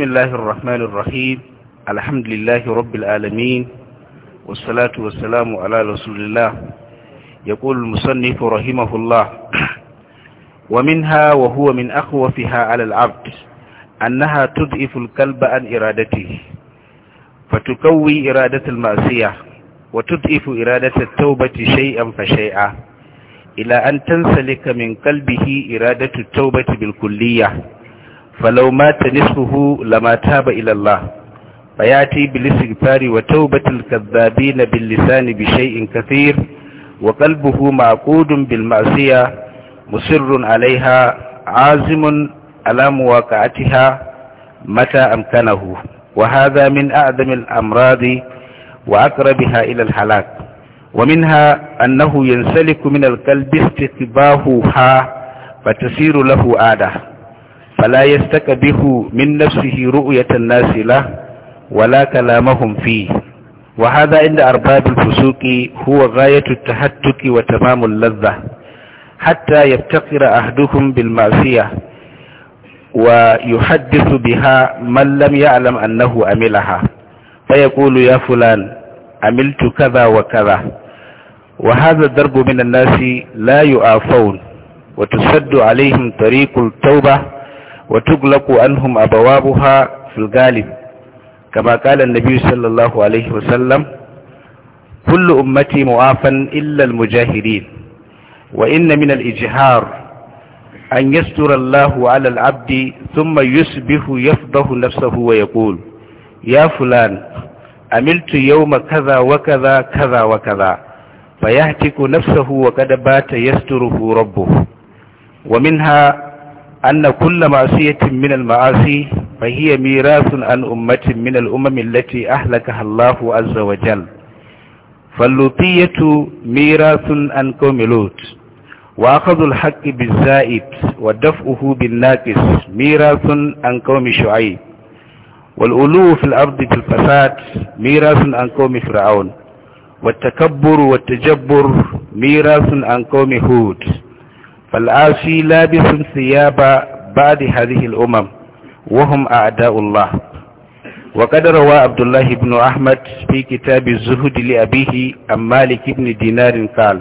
بسم الله الرحمن الرحيم الحمد لله رب العالمين والصلاة والسلام على رسول الله يقول المصنف رحمه الله ومنها وهو من أخوفها على العبد أنها تضعف الكلب عن إرادته فتكوي إرادة المعصية وتضعف إرادة التوبة شيئا فشيئا إلى أن تنسلك من قلبه إرادة التوبة بالكلية فلو مات نصفه لما تاب إلى الله فيأتي بالاستغفار وتوبة الكذابين باللسان بشيء كثير وقلبه معقود بالمعصية مصر عليها عازم على مواقعتها متى أمكنه وهذا من أعظم الأمراض وأقربها إلى الحلاك ومنها أنه ينسلك من القلب استقباهها فتسير له عاده فلا يستكبه من نفسه رؤية الناس له ولا كلامهم فيه وهذا عند أرباب الفسوق هو غاية التهتك وتمام اللذة حتى يفتقر أحدهم بالمعصية ويحدث بها من لم يعلم أنه عملها فيقول يا فلان عملت كذا وكذا وهذا الدرب من الناس لا يعافون وتسد عليهم طريق التوبة wa tuglaku anhum abawabuha fil galib kama qala an-nabiy sallallahu alayhi wa sallam kullu ummati mu'afan illa al-mujahirin wa inna min al an yastura Allah 'ala al-'abdi thumma yusbihu yafdahu nafsuhu wa yaqul ya fulan amiltu yawma kadha wa kadha kadha wa kadha fayahtiku nafsuhu wa qad bata yasturuhu rabbu. wa minha أن كل معصية من المعاصي فهي ميراث عن أمة من الأمم التي أهلكها الله عز وجل فاللوطية ميراث عن قوم لوط وأخذ الحق بالزائد ودفعه بالناقص ميراث عن قوم شعيب والألو في الأرض في الفساد ميراث عن قوم فرعون والتكبر والتجبر ميراث عن قوم هود فالعاصي لابس ثياب بعد هذه الأمم وهم أعداء الله وقد روى عبد الله بن أحمد في كتاب الزهد لأبيه عن مالك بن دينار قال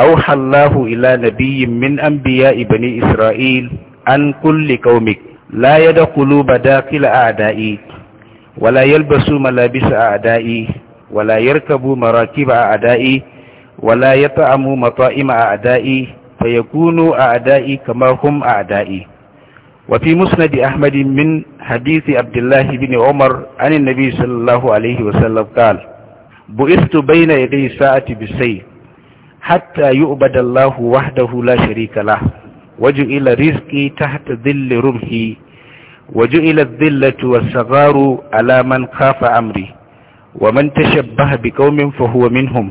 أوحى الله إلى نبي من أنبياء بني إسرائيل عن كل قومك لا يدخلوا بداخل أعدائي ولا يلبسوا ملابس أعدائي ولا يركبوا مراكب أعدائي ولا يطعموا مطائم أعدائي فيكونوا أعدائي كما هم أعدائي وفي مسند أحمد من حديث عبد الله بن عمر عن النبي صلى الله عليه وسلم قال بعثت بين يدي الساعة بالسيف حتى يؤبد الله وحده لا شريك له وجعل رزقي تحت ذل رمحي وجعل الذلة والصغار على من خاف أمري ومن تشبه بقوم فهو منهم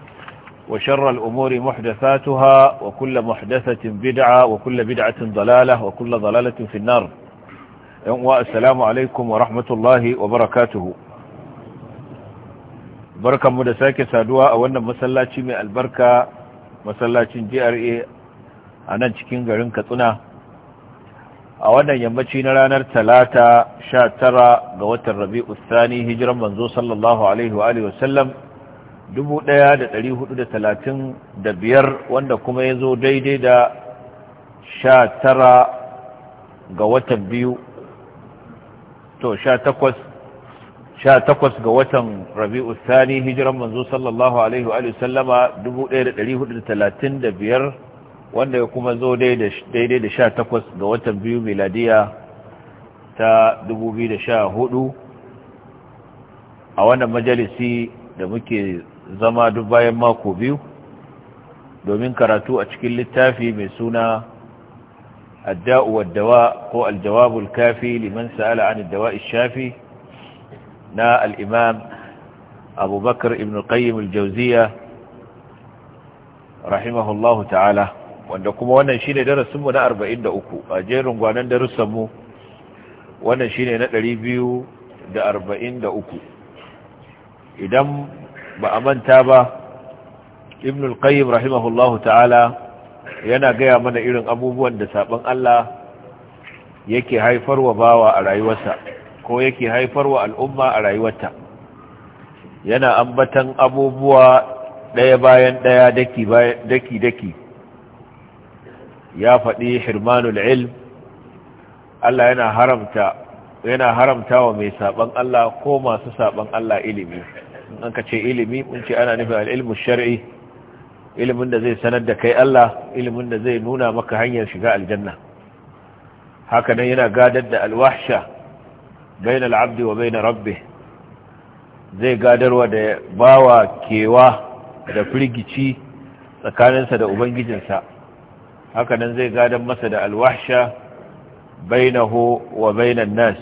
وشر الأمور محدثاتها وكل محدثة بدعة وكل بدعة ضلالة وكل ضلالة في النار السلام عليكم ورحمة الله وبركاته بركة مدساك سادوا أولا مسلاتي من البركة مسلاتي جي ار اي أنا تكين غرين كتنا أولا يمتين رانر ثلاثة شاترة قوة الربيع الثاني هجرا منذ صلى الله عليه وآله وسلم biyar wanda kuma ya zo daidai da sha tara ga watan biyu to sha takwas sha takwas ga watan rabi'u sani hijiran manzo sallallahu alaihi wa sallama biyar wanda ya kuma zo daidai da sha takwas ga watan biyu miladiya ta hudu a wannan majalisi da muke zama duk bayan mako biyu domin karatu a cikin littafi mai suna adda'u wadda ko aljawabul kafi liman sa'ala an dawa'i shafi na al'imam abubakar ibn qayyim aljawziya rahimahullah ta'ala wanda kuma wannan shi ne darasinmu na 43 a jerin gwanon darussanmu wannan shi ne na uku idan ba a manta ba ibn al-qayyim rahimahullahu ta'ala yana gaya mana irin abubuwan da sabon Allah yake haifarwa bawa a rayuwarsa ko yake haifarwa al'umma a rayuwarta yana ambatan abubuwa ɗaya bayan ɗaya daki-daki ya faɗi hirmanul ilm Allah yana haramta yana haramta wa mai sabon Allah ko masu sabon Allah ilimi an ka ce ilimi mun ce ana nufin al'ilmu shar'i ilimin da zai sanar da kai Allah ilimin da zai nuna maka hanyar shiga aljanna haka nan yana gadar da alwahsha bain al'abdi wa bain rabbi zai gadarwa da bawa kewa da firgici tsakaninsa da ubangijinsa haka nan zai gadar masa da alwahsha bainahu wa bainan nas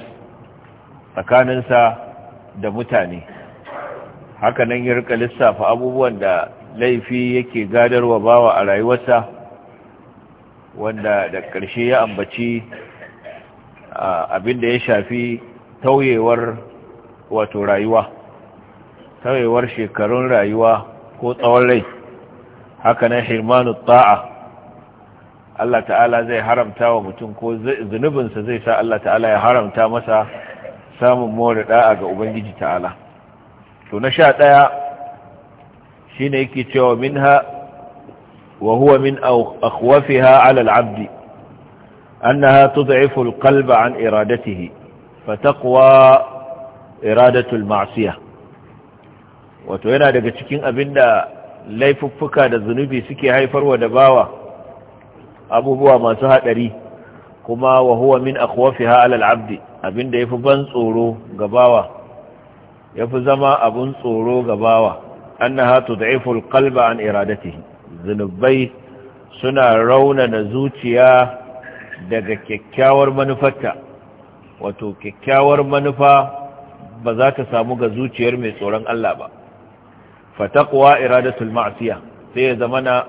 tsakaninsa da mutane haka nan ya rika lissafa abubuwan da laifi yake gadarwa bawa a rayuwarsa wanda da ƙarshe ya ambaci abin da ya shafi tauyewar wato rayuwa tauyewar shekarun rayuwa ko tsawon rai haka nan hirmanu ta'a Allah ta'ala zai haramta wa mutum ko zunubinsa zai sa Allah ta'ala ya haramta masa samun more da'a ga Ubangiji ta'ala to na sha ɗaya shi ne yake cewa min ha wa huwa min akwafi ha alal abdi أنها تضعف القلب عن إرادته فتقوى إرادة Wato yana daga cikin abinda laifuffuka da zunubi suke haifarwa da bawa abubuwa masu hadari kuma wa huwa min akwafi ha al-abd abinda yafi ban tsoro ga bawa ya fi zama abun tsoro ga bawa da tud'ifu kalba an iradatihi zunubai suna raunana zuciya daga kyakkyawar manufarta wato kyakkyawar manufa ba za ta samu ga zuciyar mai tsoron Allah ba fataqwa iradatul ma'asiya sai ya zama na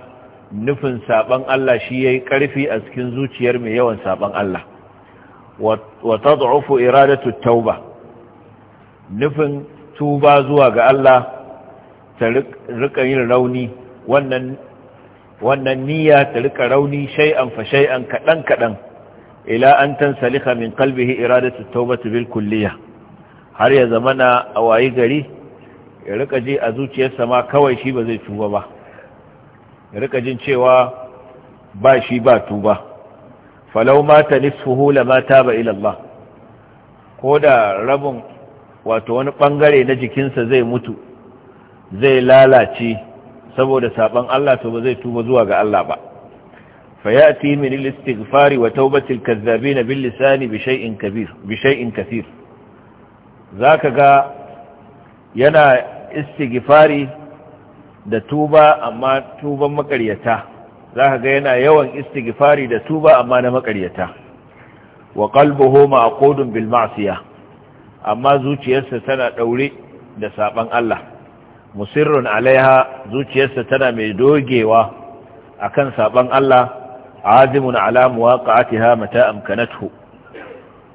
nufin saban Allah shi yayi karfi a cikin zuciyar mai yawan saban Allah wa tad'ufu iradatul tauba nufin tuba zuwa ga Allah ta rika yin rauni wannan wannan niyya ta rika rauni shay'an fa shay'an kadan kadan ila an tansalika min qalbihi iradatu tawbati bil kulliyah har ya zamana a wayi gari ya rika ji a zuciyarsa ma kawai shi ba zai tuba ba ya rika jin cewa ba shi ba tuba falau mata nisfuhu lama taba ila Allah ko da rabin wato wani bangare na jikinsa zai mutu zai lalace saboda saban Allah to ba zai tuba zuwa ga Allah ba fayati min al-istighfari wa tawbati al-kazzabin bil lisani bi shay'in kabir bi shay'in kaseer zaka ga yana istighfari da tuba amma tuban makaryata zaka ga yana yawan istighfari da tuba amma na makaryata wa qalbuhu ma'qudun bil ma'siyah amma zuciyarsa tana ɗaure da saɓan Allah musirrun alaiha zuciyarsa tana mai dogewa akan saban Allah azimun ala muwaqa'atiha mata amkanathu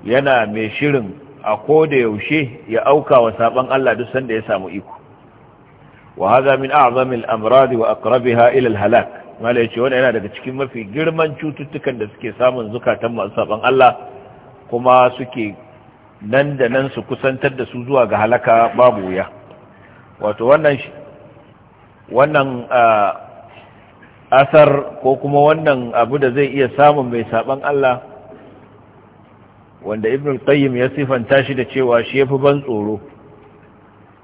yana mai shirin a ko da yaushe ya auka wa saban Allah duk sanda ya samu iko wa hadha min amrad wa aqrabiha ila al-halak mala yace wannan yana daga cikin mafi girman cututtukan da suke samun zukatan masu saban Allah kuma suke nan da nan su kusantar da su zuwa ga halaka babu wuya wato wannan wannan asar ko kuma wannan abu da zai iya samun mai saban Allah wanda ibn al-qayyim ya sifanta shi da cewa shi yafi ban tsoro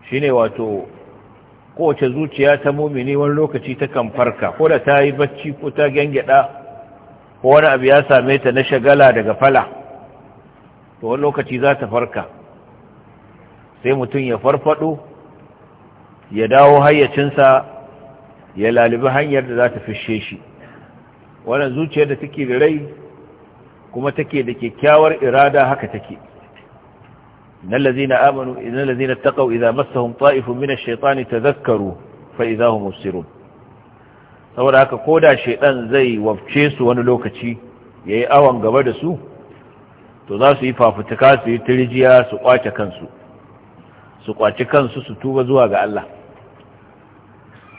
shine wato kowace zuciya ta mumini wani lokaci ta kan farka ko da ta yi bacci ko ta gyangyada ko wani abu ya same ta na shagala daga fala to wani lokaci za ta farka sai mutum ya farfado ya dawo hayyacinsa ya lalibi hanyar da za ta fishe shi wannan zuciyar da take da rai kuma take da kyakkyawar irada haka take ta amanu آمنوا إن taqaw اتقوا massahum ta'ifun طائف من الشيطان تذكروا فإذا هم musirun saboda haka koda shedan zai wafce su wani lokaci yayi awan gaba da su to za su yi fafutuka su yi tirjiya su kwace kansu su kwaci kansu su tuba zuwa ga Allah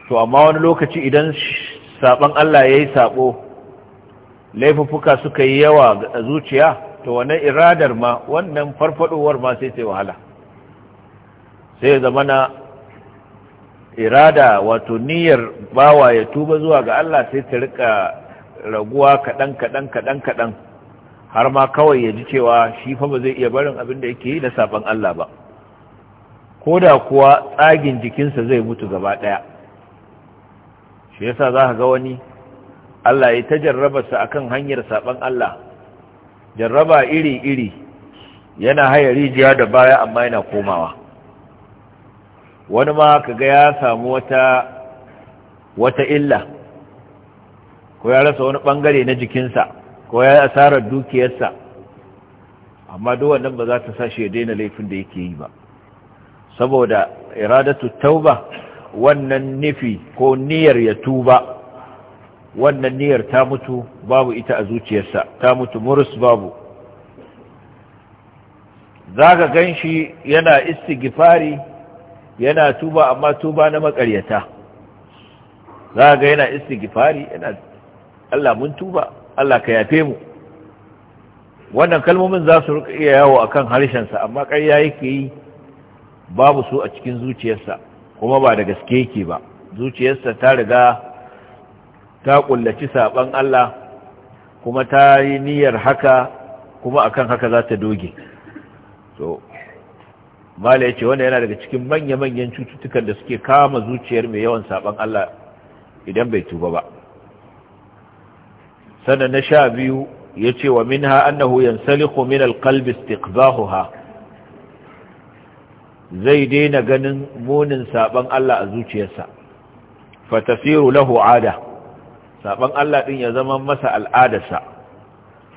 to amma wani lokaci idan saban Allah ya yi sabo laifuffuka suka yi yawa ga zuciya to wannan iradar ma wannan farfadowar ma sai sai wahala sai na irada wato niyyar bawa ya tuba zuwa ga Allah sai ta rika raguwa kaɗan kaɗan kaɗan kaɗan har ma kawai ya ji cewa shi fa ba zai iya barin abin da yake yi na saban Allah ba ko da kuwa tsagin jikinsa zai mutu gaba ɗaya shi yasa za ka ga wani Allah ya ta jarrabarsa a kan hanyar saban Allah jarraba iri-iri yana haya rijiya da baya amma yana komawa wani ma ka ga ya samu wata wata illa ko ya rasa wani ɓangare na jikinsa ko ya asarar dukiyarsa amma duk wannan ba za ta sa shi ya daina laifin da yake yi ba saboda iradatu tauba wannan nufi ko niyyar ya tuba wannan niyyar ta mutu babu ita a zuciyarsa ta mutu murus babu za ka gan shi yana istigifari yana tuba amma tuba na makaryata za ka ga yana istigifari yana Allah mun tuba Allah ka yafe mu wannan kalmomin za su rika iya yawo a kan harshensa amma ƙarya yake yi babu su a cikin zuciyarsa kuma ba da gaske yake ba zuciyarsa ta riga ta kullaci saɓan Allah kuma ta yi niyyar haka kuma akan haka za ta doge so mala ya ce wanda yana daga cikin manya-manyan cututtukan da suke kama zuciyar mai yawan saɓan Allah idan bai tuba ba sannan na sha biyu ya ce wa minha annahu saliku min alqalbi istiqbahuha zai daina ganin munin saban Allah a zuciyarsa fatasiru lahu ada saban Allah din ya zama masa al'adarsa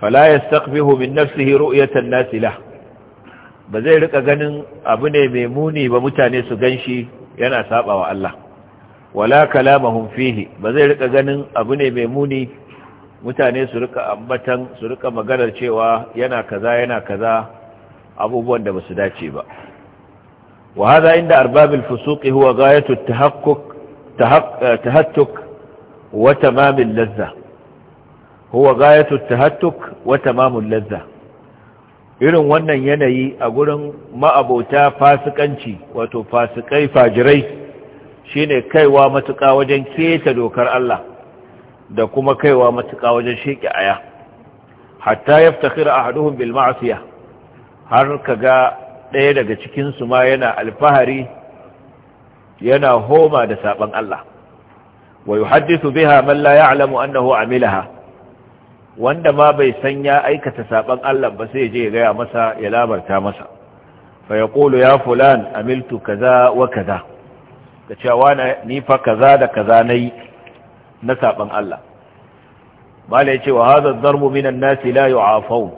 fala yastaqbihu min nafsihi ru'yatan nasilah ba zai rika ganin abu ne mai muni ba mutane su ganshi yana wa Allah wala kala fihi ba zai rika ganin abu ne mai muni mutane su rika ambatan su rika maganar cewa yana kaza yana kaza abubuwan da basu dace ba wa hada inda arbabil fusuqi huwa ghayatu tahakkuk eh, tahattuk wa tamamil ladha huwa tahattuk wa tamamul ladha irin wannan yanayi a gurin ma'abota fasikanci wato fasikai fajirai shine kaiwa matuƙa wajen keta dokar Allah da kuma kaiwa matuƙa wajen sheƙi aya hatta yaftakhira ahaduhum bil ma'siyah har kaga ɗaya daga cikin ma yana alfahari yana homa da saban Allah wa yuhaddithu biha man la ya'lamu annahu amilaha wanda ma bai san ya aikata saban Allah ba sai je gaya masa ya labarta masa fa ya fulan amiltu kaza wa kaza kace wa ni fa kaza da kaza nayi na saban Allah mala yace wa hadha dharbu minan nasi a yu'afaw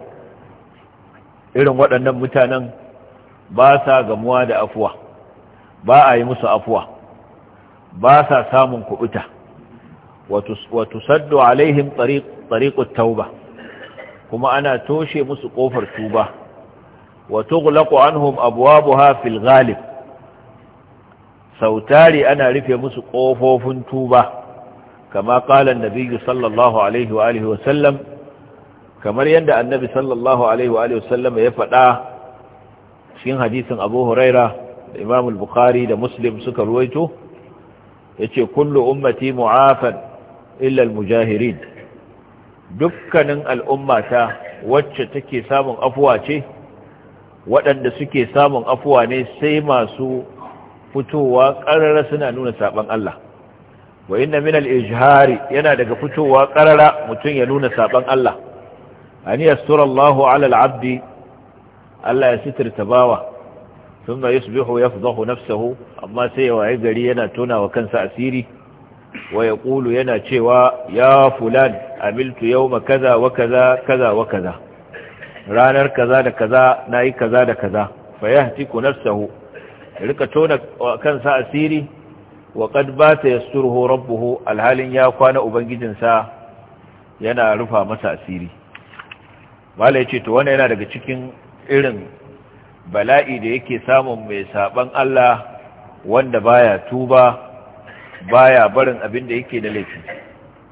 irin waɗannan mutanen ba sa gamuwa da afuwa ba a yi musu afuwa ba sa samun kuɓuta wa tusaddu alaihim tariq tauba kuma ana toshe musu ƙofar tuba wa tughlaqu anhum abwabuha fil galib sautari ana rufe musu ƙofofin tuba كما قال النبي صلى الله عليه وآله وسلم كما يندى النبي صلى الله عليه وآله وسلم يفتا في حديث أبو هريرة الإمام البخاري ده مسلم سكر رويته يتي كل أمتي معافا إلا المجاهرين دكنا الأمة وجتكي سام أفواتي waɗanda suke samun afuwa ne sai masu fitowa ƙararra suna nuna saɓon Allah wa inna min al-ijhari yana daga fitowa karara mutun ya nuna saban Allah an yastura Allahu ala al-abdi Allah ya sitirta bawa thumma yusbihu yafdahu nafsuhu amma sai ya gari yana tona wa kansa asiri wa yaqulu yana cewa ya fulan amiltu yawma kaza wa kaza kaza wa kaza ranar kaza da kaza nayi kaza da kaza fayahtiku nafsuhu rika tona kansa asiri wa ba bata yasturuhu rabbuhu alhalin ya kwana ubangijinsa yana rufa masa asiri ya ce to wannan yana daga cikin irin bala'i da yake samun mai saban Allah wanda baya tuba baya barin abin da yake da laifi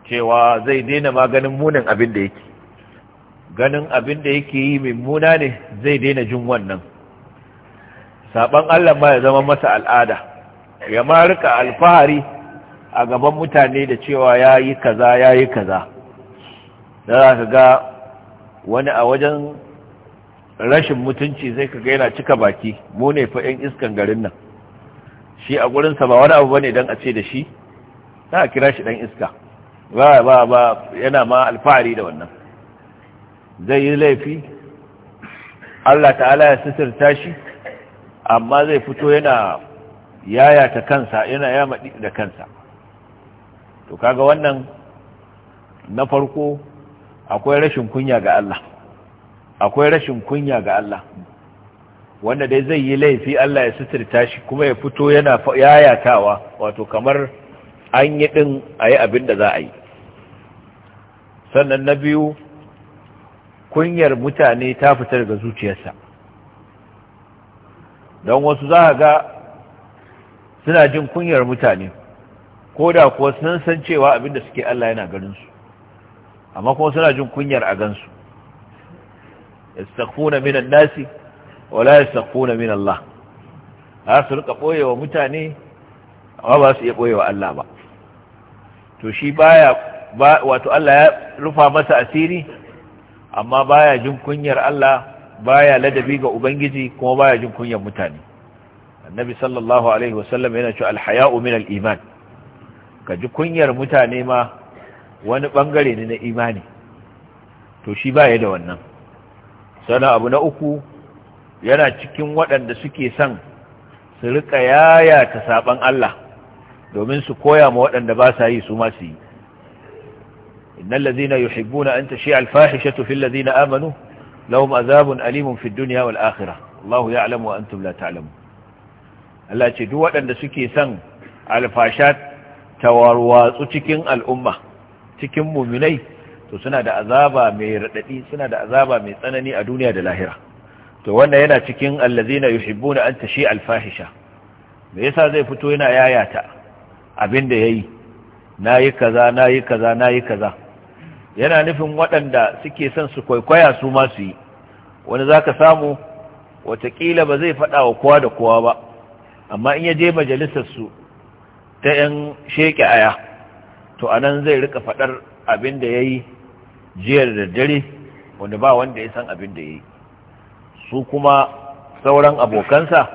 cewa zai daina maganin munin abin da yake ganin abin da yake yi mummuna ne zai daina jin wannan saban Allah ma ya zama masa al'ada ya ma alfahari a gaban mutane da cewa ya yi kaza ya yi kaza da za ka ga wani a wajen rashin mutunci zai ka ga yana cika baki mu ne fa iskan garin nan shi a gurinsa ba wani abu bane don a ce da shi za a kira shi dan iska ba ba ba yana ma alfahari da wannan zai yi laifi Allah ta'ala ya sisirta shi amma zai fito yana yaya ta kansa yana yama da kansa to kaga wannan na farko akwai rashin kunya ga Allah akwai rashin kunya ga Allah wanda dai zai yi laifi Allah ya suturta shi kuma ya fito yana yayatawa wato kamar an yi din a yi abin da za a yi sannan na biyu kunyar mutane ta fitar ga zuciyarsa don wasu za ga suna jin kunyar mutane ko da kuwa sun san cewa abinda suke Allah yana ganinsu amma kuma suna jin kunyar a gansu min minan nasi wala yastaghfuna min Allah har su rika boyewa mutane amma ba su iya boyewa Allah ba to shi baya wato Allah ya rufa masa asiri amma baya jin kunyar Allah baya ladabi ga ubangiji kuma baya jin kunyar mutane annabi sallallahu alaihi wasallam yana cewa alhaya'u min al-iman ka ji kunyar mutane ma wani bangare ne na imani to shi baya da wannan sana abu na uku yana cikin waɗanda suke son su rika yaya ta saban Allah domin su koya ma waɗanda ba sa yi su ma su yi innal ladhina yuhibbuna an tashi'a al-fahishatu fil ladhina amanu lahum azabun alimun fid dunya wal akhirah Allahu ya'lamu wa antum la ta'lamun Allah ce duk waɗanda suke son alfasha tawarwatsu cikin al'umma cikin muminai to suna da azaba mai raɗaɗi suna da azaba mai tsanani a duniya da lahira to wannan yana cikin allazina yuhibbuna an tashi alfahisha me yasa zai fito yana yayata abin da yayi nayi kaza nayi kaza nayi kaza yana nufin waɗanda suke son su kwaikwaya su ma su yi wani zaka samu watakila ba zai faɗa wa kowa da kowa ba amma in ya je majalisarsu ta 'yan sheke aya to a zai rika faɗar abin da ya yi jiyar da dare wanda ba wanda ya san abin da ya yi su kuma sauran abokansa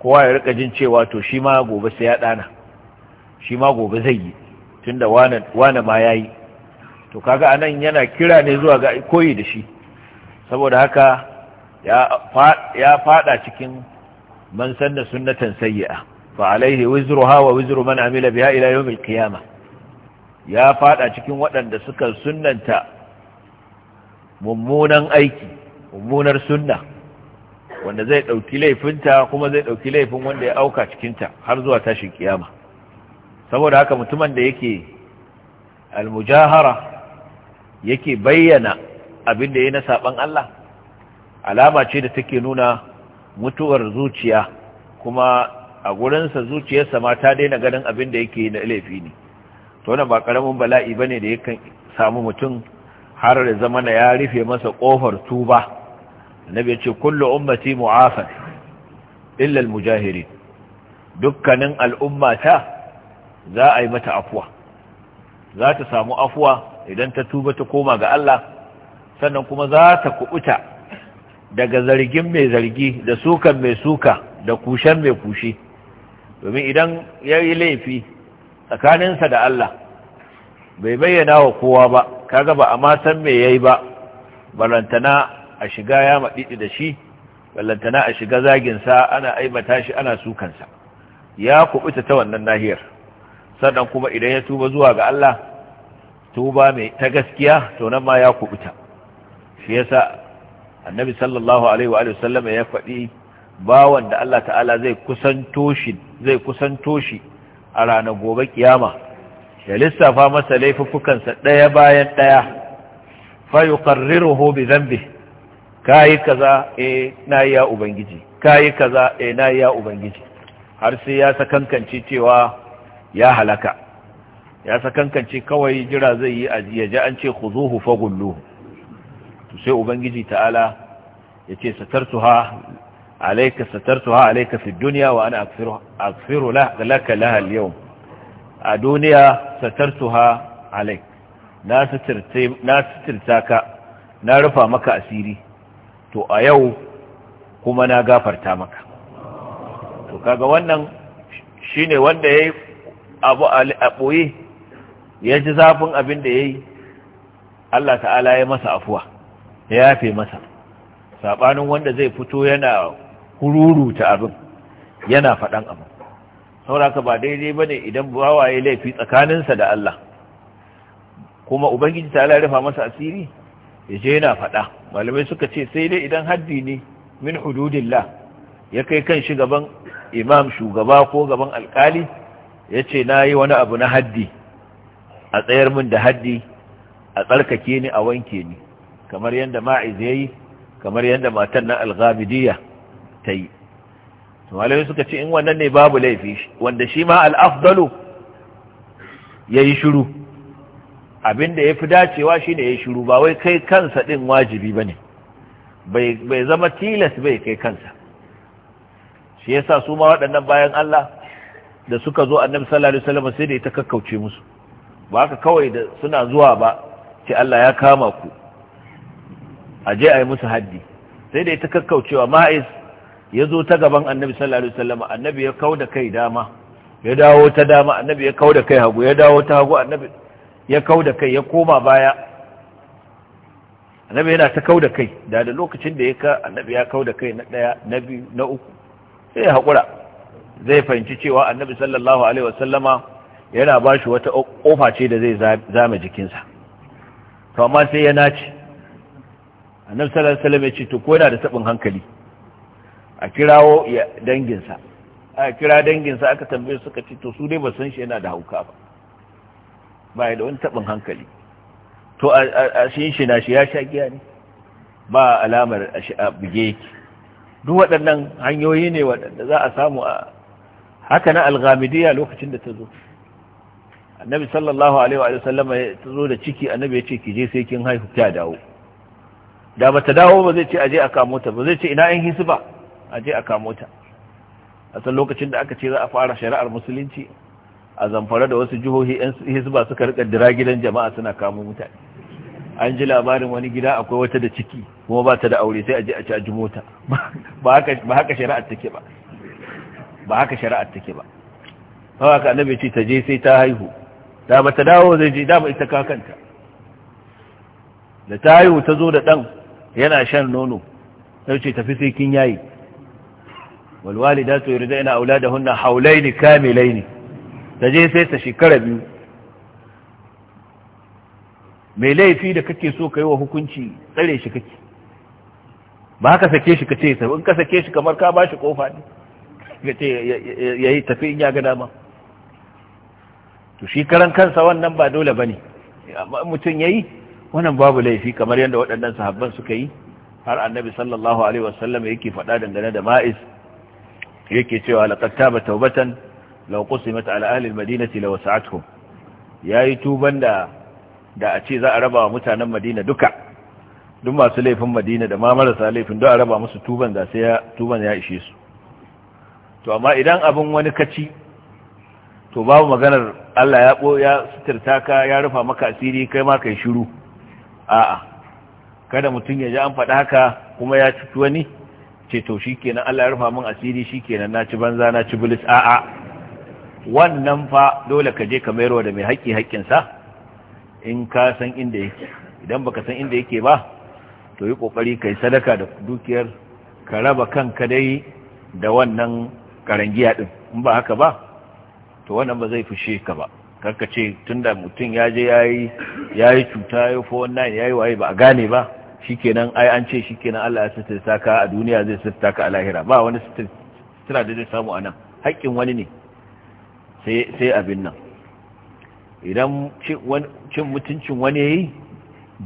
kowa ya rika jin cewa to shi ma gobe sai ya ɗana shi ma gobe zai yi tun da wane ma ya yi to kaga a yana kira ne zuwa ga koyi da shi saboda haka ya faɗa cikin man sanna sunnatan sayyi'a fa alaihi wizruha wa wizru man amila biha ila yawmil kiyama. ya faɗa cikin waɗanda suka sunnanta mummunan aiki mummunar sunna wanda zai ɗauki laifinta kuma zai ɗauki laifin wanda ya auka cikinta har zuwa tashin kiyama saboda haka mutumin da yake almujahara yake bayyana abin da ya na saɓan Allah alama ce da take nuna mutuwar zuciya kuma a gurinsa zuciyarsa ma ta daina ganin abin da yake na laifi ne to na ba karamin bala'i bane da yakan samu mutum har da na ya rufe masa kofar tuba annabi ya ce kullu ummati mu'afa illa al-mujahirin dukkanin al'ummata za a yi mata afuwa za ta samu afuwa idan ta tuba ta koma ga Allah sannan kuma za ta kubuta daga zargin mai zargi da sukan mai suka da kushen mai kushi. domin idan ya yi laifi tsakaninsa da Allah bai bayyana wa kowa ba kaga ba a matan mai yi ba balantana a shiga ya maɗiɗi da shi ballantana a shiga zaginsa ana aibata shi ana sukansa ya kubuta ta wannan nahiyar sannan kuma idan ya tuba zuwa ga Allah tuba mai ta gaskiya to nan ma ya kubuta shi yasa annabi sallallahu alaihi wa sallam ya faɗi bawan da Allah ta'ala zai kusanto shi a ranar gobe kiyama ya lissafa masa laifuffukansa ɗaya bayan ɗaya fa yuqarriruhu bi dhanbihi kayi kaza eh yi ya ubangiji kayi kaza eh ya ubangiji har sai ya sakankance cewa ya halaka ya sakankance kawai jira zai yi ajiya ji an ce khuzuhu fagulluhu to sai ubangiji ta'ala ya ce satartu ha satartuha alayka fi duniya wa ana aghfiru laka laha al-yawm a duniya satartu ha na na satirta ka na rufa maka asiri to a yau kuma na gafarta maka to kaga wannan shine wanda ya yi abu a ɓoye ya ji zafin abin da ya yi Allah ta'ala ya masa afuwa ya yafe masa saɓanin wanda zai fito yana hururuta abin yana faɗan abin sauraka ba daidai ba ne idan waye laifi tsakaninsa da Allah kuma ubangiji ta rufa masa asiri ya je yana faɗa malamai suka ce sai dai idan haddi ne min hududillah ya kai kan shi gaban imam shugaba ko gaban alkali ya ce na yi wani abu na haddi a tsayar min da haddi a tsarkake ni a wanke ni kamar yadda ma'iz ya yi kamar yadda matan na al al-ghabidiyya ta yi malamai suka ce in wannan ne babu laifi wanda shi ma al'afdalu ya yi shuru abinda ya fi dacewa shine ne ya yi ba wai kai kansa ɗin wajibi ba ne bai zama tilas bai kai kansa shi yasa su ma waɗannan bayan Allah da suka zo annabi sallallahu alaihi wasallam sai da ita kakkauce musu ba haka kawai da suna zuwa ba ce Allah ya kama ku a je a yi musu haddi sai da ita kakkaucewa ma'iz ya zo ta gaban annabi sallallahu alaihi wasallam annabi ya kawo da kai dama ya dawo ta dama annabi ya kawo da kai hagu ya dawo ta hagu annabi ya kawo da kai ya koma baya annabi yana ta kawo da kai da da lokacin da ya ka annabi ya kawo da kai na daya na biyu na uku sai ya haƙura zai fahimci cewa annabi sallallahu alaihi wasallama yana ba shi wata ƙofa ce da zai zame jikinsa to amma sai ya nace annabi sallallahu alaihi wasallam ya ce to ko yana da tabin hankali a kirawo danginsa a kira danginsa aka tambaye suka ce to su dai ba san shi yana da hauka ba ba da wani tabin hankali to a shin shi na shi ya sha giya ne ba alamar a buge yake duk waɗannan hanyoyi ne waɗanda za a samu a haka na alghamidiyya lokacin da ta zo annabi sallallahu alaihi wa sallama ta zo da ciki annabi ya ce ki je sai kin haihu ta dawo da ba ta dawo ba zai ce aje a kamo ta ba zai ce ina yan hisba aje a kamo ta a san lokacin da aka ce za a fara shari'ar musulunci a zamfara da wasu jihohi yan hisba suka rika dira gidan jama'a suna kamo mutane an ji labarin wani gida akwai wata da ciki kuma ba ta da aure sai aje a caji mota ba haka ba haka shari'ar take ba ba haka shari'ar take ba haka annabi ce ta je sai ta haihu da ba ta dawo zai je da ba ita kakanta da ta haihu ta zo da dan yana shan nono sai ce tafi sai kin yayi wal walidatu yurdina auladahunna hawlayn kamilayn taje sai ta shekara biyu mai laifi da kake so kai wa hukunci tsare shi kake ba ka sake shi kace sai in ka sake shi kamar ka bashi kofa ne kace yayi tafi in ya ga dama to shi karan kansa wannan ba dole bane amma mutum yayi wannan babu laifi kamar yadda waɗannan sahabban suka yi har annabi sallallahu alaihi wasallam yake faɗa dangane da ma'iz yake cewa laqad taba tawbatan law qusimat ala ahli almadinati law sa'atuhum yayi tuban da da a ce za a raba wa mutanen Madina duka duk masu laifin Madina da ma marasa laifin duk a raba musu tuban da sai ya tuban ya ishe su to amma idan abin wani kaci to babu maganar Allah ya ya suturta ka ya rufa maka asiri kai ma kai shiru a'a kada mutum ya ji an faɗa haka kuma ya ci wani ce to shikenan Allah ya rufa min asiri shikenan na ci banza na ci bulis a'a wannan fa dole ka je ka mayarwa da mai haƙƙi sa in ka san inda yake idan baka san inda yake ba to yi kokari kai sadaka da dukiyar ka raba kanka dai da wannan karangiya din in ba haka ba to wannan ba zai fushe ka ba karka ce tun da mutum ya je ya yi cuta ya fowon nan ya yi waye ba a gane ba shi nan ai an ce shi nan Allah ya sitirta ka a duniya zai sitirta ka a lahira ba wani sitira da zai samu a nan haƙƙin wani ne sai abin nan idan cin mutuncin wani ya yi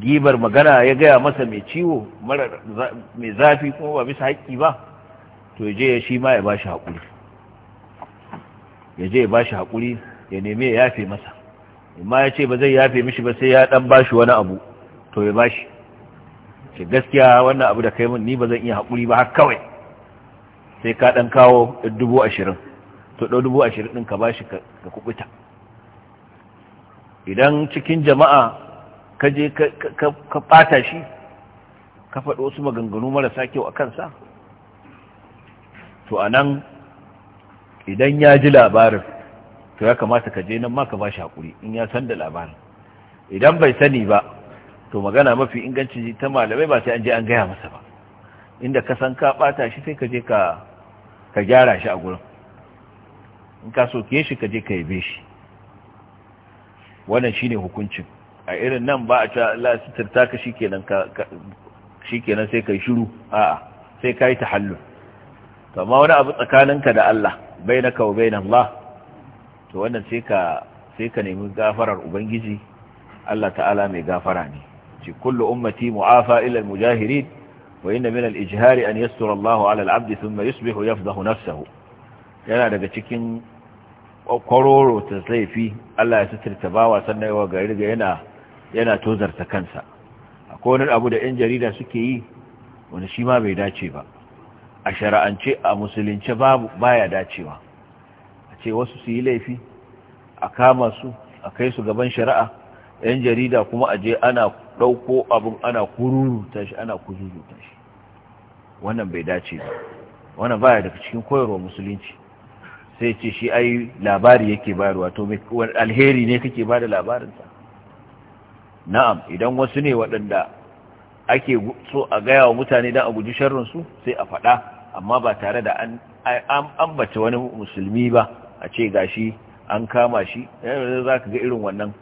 gibar magana ya gaya masa mai ciwo mai zafi kuma ba bisa haƙƙi ba to je ya shi ma ya ba shi ya je ya ba shi haƙuri ya nemi ya yafe masa amma ya ce ba zai yafe mishi ba sai ya dan bashi wani abu to ya bashi ke gaskiya wannan abu da kai mun ni ba zan iya hakuri ba har kawai sai ka dan kawo dubu to ɗau dubu ka bashi ka kubuta idan cikin jama'a ka je ka ɓata shi ka faɗi su maganganu marasa kyau a kansa to a nan idan ya ji labarin to ya kamata ka je nan ma ka bashi hakuri in ya san da labarin idan bai sani ba to magana mafi inganci ta malamai ba sai an je an gaya masa ba inda ka san ka bata shi sai ka je ka ka gyara shi a gurin in ka soke shi ka je ka yabe shi wannan shine hukuncin a irin nan ba a cewa Allah sitirta ka shikenan ka shikenan sai kai shiru a'a sai kai ta to amma wani abu tsakaninka da Allah bai na bainaka wa bainallah to wannan sai ka nemi gafarar ubangiji Allah ta'ala mai gafara ne Cikun kullu ummati mu'afa illa al-mujahirin wa inna min al-ijhari an yastura Allahu 'ala al-'abdi thumma yusbihu yafdahu nafsahu yana daga cikin kwaroro ta laifi Allah ya suturta bawa sannan yawa gari ga yana yana tozarta kansa akwai wani abu da 'yan jarida suke yi wani shi ma bai dace ba a shara'ance a musulunce baya dacewa ce wasu su yi laifi a kama su a kai su gaban shari'a yan jarida kuma a je ana ɗauko abin ana kururuta shi ana kuzuzuta shi wannan bai dace ba wannan baya daga cikin koyarwa musulunci sai ce shi ai labari yake bayarwa to alheri ne kake ba da labarinsa na'am idan wasu ne waɗanda ake so a gaya wa mutane don a guji sharrinsu sai a faɗa amma ba tare da an ambata wani musulmi ba a ce gashi an kama shi yanzu eh, za ka ga irin wannan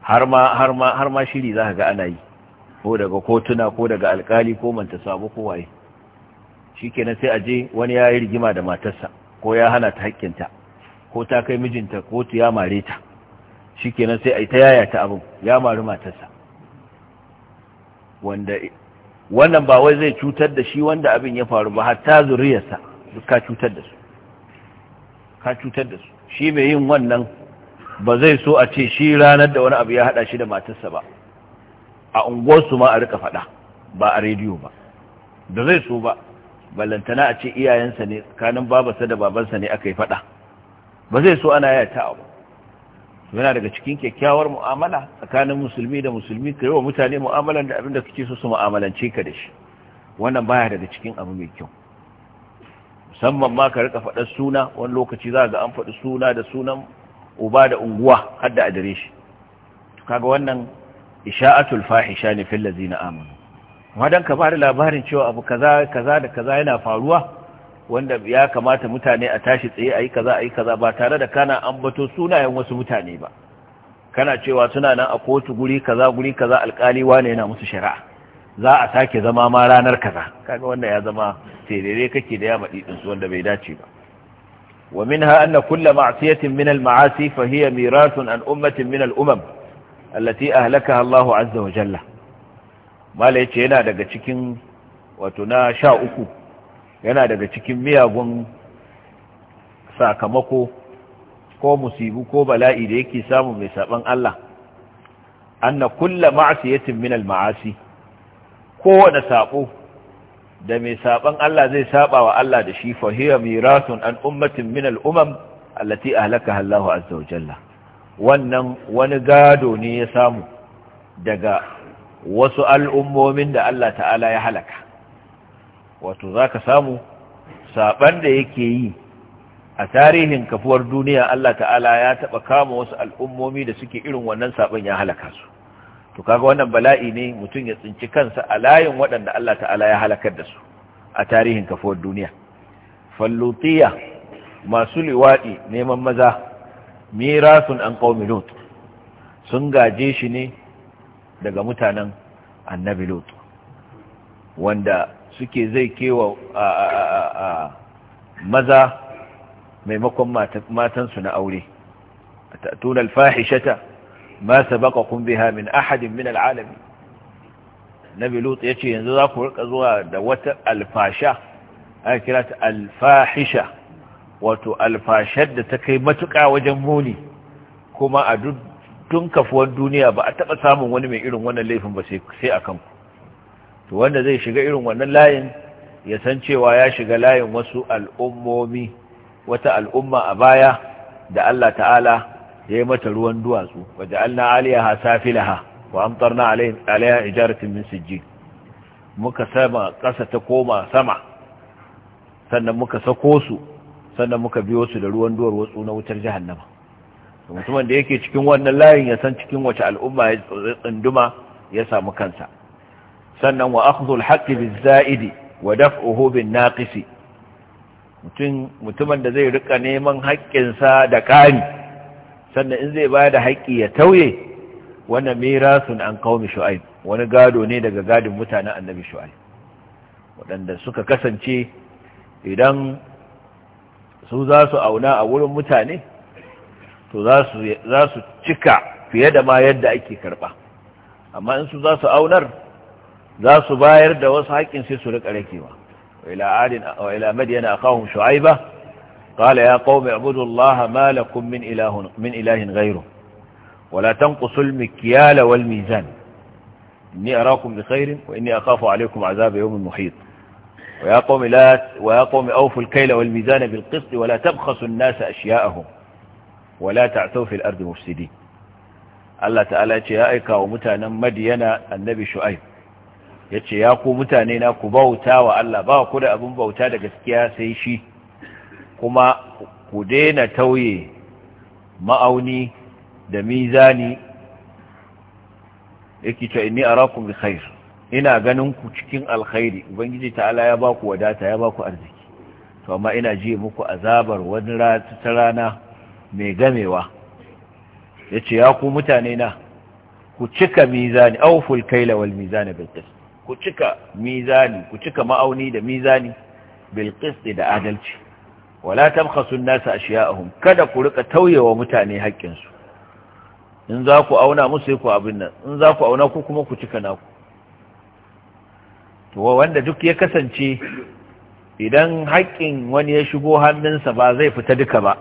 har ma shiri za ka ga ana yi ko daga kotuna ko daga alkali ko manta sabo ko waye shi kenan sai a je wani ya yi rigima da matarsa ko ya hana ta haƙƙinta ko ta kai mijinta ko ta ya mare ta shi kenan sai a yi ta yaya ta abin ya mari matarsa wanda wannan ba wai zai cutar da shi wanda abin ya faru ba har ta zuriyarsa duk ka cutar da su ka cutar da su shi mai yin wannan ba zai so a ce shi ranar da wani abu ya haɗa shi da matarsa ba a unguwarsu ma a rika faɗa. ba a rediyo ba da zai so ba ballantana a ce iyayensa ne tsakanin babarsa da babansa ne aka yi faɗa. ba zai so ana yaya ta abu yana daga cikin kyakkyawar mu'amala tsakanin musulmi da musulmi ka yi wa mutane mu'amalan da abin da kake so su mu'amalance ka da shi wannan baya daga cikin abu mai kyau musamman ma ka rika faɗar suna wani lokaci za ga an faɗi suna da sunan uba da unguwa har da adireshi kaga wannan isha'atul fahisha ne fil ladina amanu dan ka bari labarin cewa abu kaza kaza da kaza yana faruwa wanda ya kamata mutane a tashi tsaye ayi kaza ayi kaza ba tare da kana ambato sunayen wasu mutane ba kana cewa suna nan a kotu guri kaza guri kaza alƙali ne yana musu shari'a za a sake zama ma ranar kaza kaga wannan ya zama terere kake da yama didin su wanda bai dace ba wa minha anna kullu ma'siyatin min al-ma'asi fa hiya mirathun an ummatin min al-umam allati ahlakaha Allah azza wa jalla mala yace yana daga cikin wato na 13 yana daga cikin miyagun sakamako ko musibu ko bala'i da yake samu mai saban Allah anna kullu ma'siyatin min al-ma'asi kowane saɓo da mai saban Allah zai saɓa wa Allah da shi fa hiya mirathun an ummatin min umam allati ahlakaha Allah azza wa jalla wannan wani gado ne ya samu daga wasu al'ummomin da Allah ta'ala ya halaka wato zaka samu saɓan da yake yi a tarihin kafuwar duniya Allah ta'ala ya taɓa kama wasu al'ummomi da suke irin wannan saɓan ya halaka su to kaga wannan bala'i ne mutum ya tsinci kansa a layin waɗanda Allah ta'ala ya halakar da su a tarihin kafuwar duniya fallutiya masu liwaɗi neman maza mirasun an ƙaumi lot sun gaje shi ne daga mutanen annabi lot wanda suke zai kewa maza maimakon matansu na aure a fahishata ma sabaqakum biha min ahadin min al'alamin nabi ya ce yanzu za ku rika zuwa da wata alfasha aka alfahisha wato alfashar da ta kai matuƙa wajen muni kuma a duk tun kafuwar duniya ba a taɓa samun wani mai irin wannan laifin ba sai a kanku to wanda zai shiga irin wannan layin ya san cewa ya shiga layin wasu al'ummomi wata al'umma a baya da Allah ta'ala yi mata ruwan duwatsu waja'alna 'aliyaha safilaha wa amtarna 'alayha ijaratan min sijjin muka sama ƙasa ta koma sama sannan muka sako su sannan muka biyo su da ruwan duwar na wutar jahannama mutumin da yake cikin wannan layin ya san cikin wace al'umma ya tsunduma ya samu kansa sannan wa akhdhul haqqi zaidi wa daf'uhu bin naqisi mutum mutumin da zai rika neman haƙƙinsa da ƙari sannan in zai ba da haƙƙi ya tauye wannan mirasun an qaumi shu'aib wani gado ne daga gadin mutanen annabi shu'aib waɗanda suka kasance idan su za su auna a wurin mutane to za su cika fiye da ma yadda ake karɓa amma in su za su aunar za su bayar da wasu haƙƙin sai su riƙa rakewa wa ila adin wa ila shu'aiba قال يا قوم اعبدوا الله ما لكم من إله, من إله غيره ولا تنقصوا المكيال والميزان إني أراكم بخير وإني أخاف عليكم عذاب يوم محيط ويا قوم, لا ويا قوم أوفوا الكيل والميزان بالقسط ولا تبخسوا الناس أشياءهم ولا تعثوا في الأرض مفسدين الله تعالى ya ومتانا مدينا النبي شؤيب mutanen madiyana annabi shu'aib ya ce ya ku mutane na kuma ku daina tauye ma'auni da mizani yake cewa inni arakum bi ina ganin ku cikin alkhairi ubangiji ta'ala ya baku wadata ya baku arziki to amma ina ji muku azabar wani rana mai gamewa yace ya ku mutane na ku cika mizani awful kaila wal mizani bil ku cika mizani ku cika ma'auni da mizani bil da adalci wala tabkhasu an-nasa ashiya'ahum kada ku rika tauyewa mutane haƙƙin su in za ku auna musu ku abin nan in za ku auna ku kuma ku cika naku to wanda duk ya kasance idan haƙƙin wani ya shigo hannunsa ba zai fita duka ba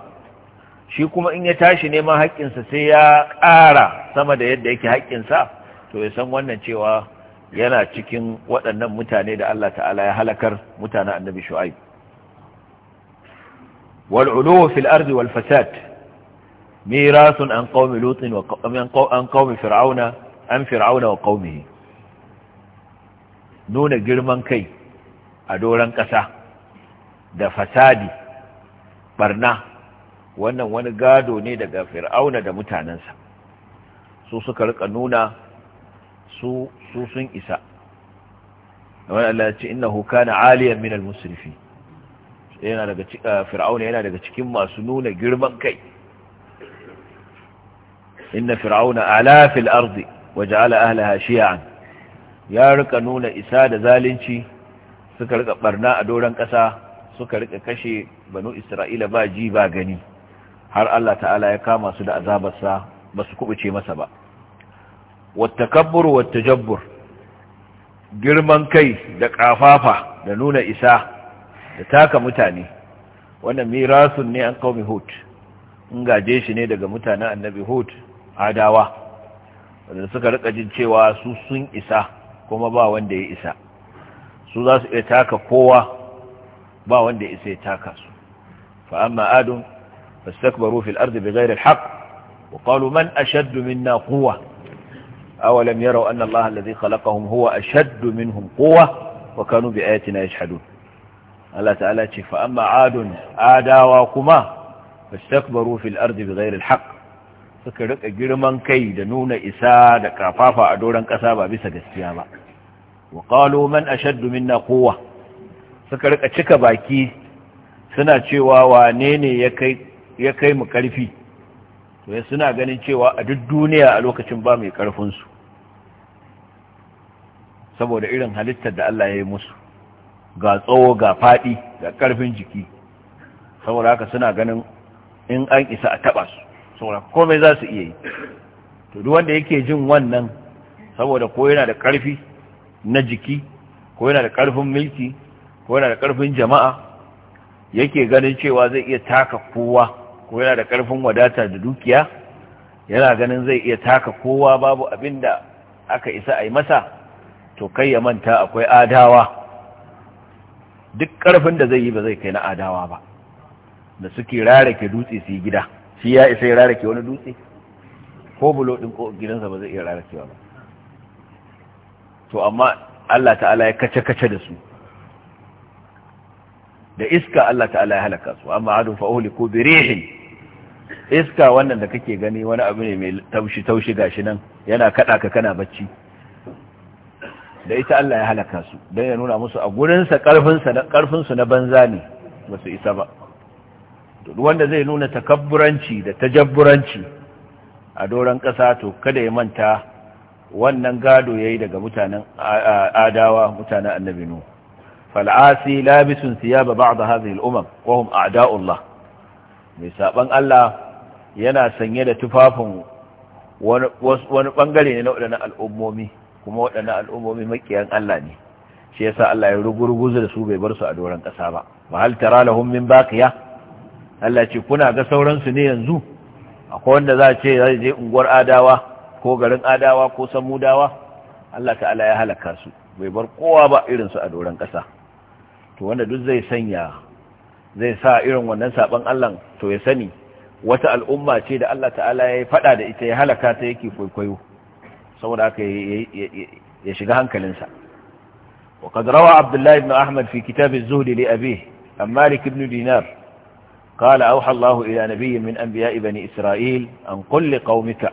shi kuma in ya tashi neman haƙƙinsa sai ya ƙara sama da yadda yake haƙƙinsa to ya san wannan cewa yana cikin waɗannan mutane da Allah ta'ala ya halakar mutanen annabi shu'aib والعلو في الأرض والفساد ميراث عن قوم لوط وعن قوم فرعون عن فرعون وقومه نون جرمان كي أدوران كسا دا فساد برنا وانا وانا قادو نيدا غافر اونا دا متاننسا سوسو كالك نون سو سوسو إسا وانا اللي انه كان عاليا من المسرفين yana daga eh, fir'auna yana daga cikin masu nuna girman kai inna fir'auna ala fil ardi waja'ala ahlaha shi'an ya rika nuna isa da zalunci suka rika barna a doran kasa suka rika kashe banu isra'ila ba ji ba gani har Allah ta'ala ya kama su da azabarsa ba su kubuce masa ba wattakabbur wattajabbur girman kai da kafafa da nuna isa da taka mutane wannan mirasun ne an kaumi hut in gaje shi ne daga mutanen annabi hut adawa wanda suka rika jin cewa su sun isa kuma ba wanda ya isa su za su iya taka kowa ba wanda ya isa ya taka su fa amma adun fastakbaru fil ardi bighayri alhaq wa qalu man ashad minna quwwa aw lam yaraw anna allaha alladhi khalaqahum huwa ashad minhum quwwa wa kanu bi ayatina yashhadun Allah ta'ala ce fa amma adun adawa kuma fastakbaru fil ardi bighairi suka rika girman kai da nuna isa da kafafa a doran kasa ba bisa gaskiya ba wa qalu man ashaddu minna quwwa suka rika cika baki suna cewa wane ne ya kai ya kai mu karfi to suna ganin cewa a duk duniya a lokacin ba mai karfin su saboda irin halittar da Allah ya yi musu ga tsawo ga faɗi ga ƙarfin jiki saboda haka suna ganin in an isa a taɓa su saboda komai za su iya yi to duk wanda yake jin wannan saboda ko yana da ƙarfi na jiki ko yana da ƙarfin milki ko yana da ƙarfin jama'a yake ganin cewa zai iya taka kowa ko yana da ƙarfin wadata da dukiya yana ganin zai iya taka kowa babu abin da aka isa a yi masa to kai ya manta akwai adawa duk ƙarfin da zai yi ba zai kai na adawa ba da suke rarake dutse su yi gida shi ya isa ya rarake wani dutse ko bulo din ko gidansa ba zai iya rarakewa ba to amma Allah ta'ala ya kace-kace da su da iska Allah ta'ala ya halaka su amma adun fa'uli ko birihin iska wannan da kake gani wani abu ne mai taushi taushi gashi nan yana kada ka kana bacci da ita Allah ya halaka su don ya nuna musu a gurinsa ƙarfinsu na banza ne ba su isa ba wanda zai nuna takabburanci da tajabburanci a doron ƙasa to kada ya manta wannan gado ya yi daga mutanen adawa mutanen annabi nu fal'asi labisun siyaba ba'd hadhihi al-umam wa hum a'da'ullah mai saban Allah yana sanye da tufafin wani ɓangare ne na al'ummomi kuma waɗannan al'ummomi makiyan Allah ne shi yasa Allah ya rugurguzu da su bai bar su a doron ƙasa ba ba hal tara lahum min baqiya Allah ce kuna ga sauransu ne yanzu akwai wanda za a ce zai je unguwar adawa ko garin adawa ko samudawa Allah ta'ala ya halaka su bai bar kowa ba irin su a doron ƙasa to wanda duk zai sanya zai sa irin wannan saban Allah to ya sani wata al'umma ce da Allah ta'ala ya yi faɗa da ita ya halaka ta yake kwaikwayo saboda aka ya shiga hankalinsa wa qad rawa ibn ahmad fi kitab az-zuhd li an malik ibnu dinar kala auhallahu allah ila nabiyyin min anbiya'i bani isra'il an kulle qaumika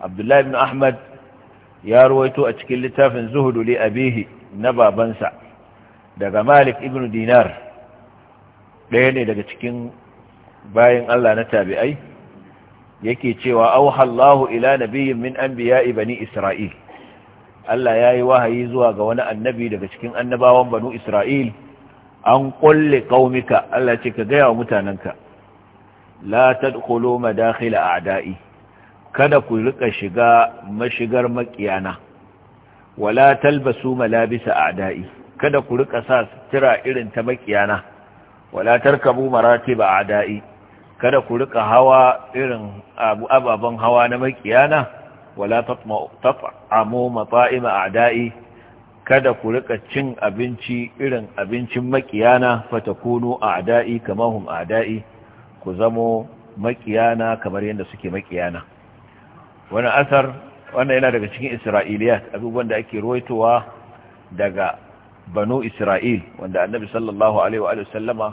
abdullahi ibn ahmad ya ruwaito a cikin littafin zuhd li na babansa daga malik ibnu dinar ɗaya ne daga cikin bayan Allah na tabi'ai yake cewa auha Allahu ila nabiyyin min anbiya'i bani Isra'il Allah yayi wahayi zuwa ga wani annabi daga cikin annabawan banu Isra'il an ƙulle qaumika Allah ce ka gaya wa mutananka la tadkhulu madakhil a'da'i kada ku rika shiga mashigar makiyana wala talbasu malabisa a'da'i kada ku rika sa sutura irin ta makiyana wala tarkabu maratiba a'da'i kada ku rika hawa irin ababen hawa na makiyana wala tat'amu mata'ima a'da'i kada ku rika cin abinci irin abincin makiyana fatakunu a'da'i hum a'da'i ku zamo makiyana kamar yadda suke makiyana wani asar wannan yana daga cikin isra'iliyat abubuwan da ake ruwaitowa daga banu isra'il wanda annabi sallallahu alaihi wa sallama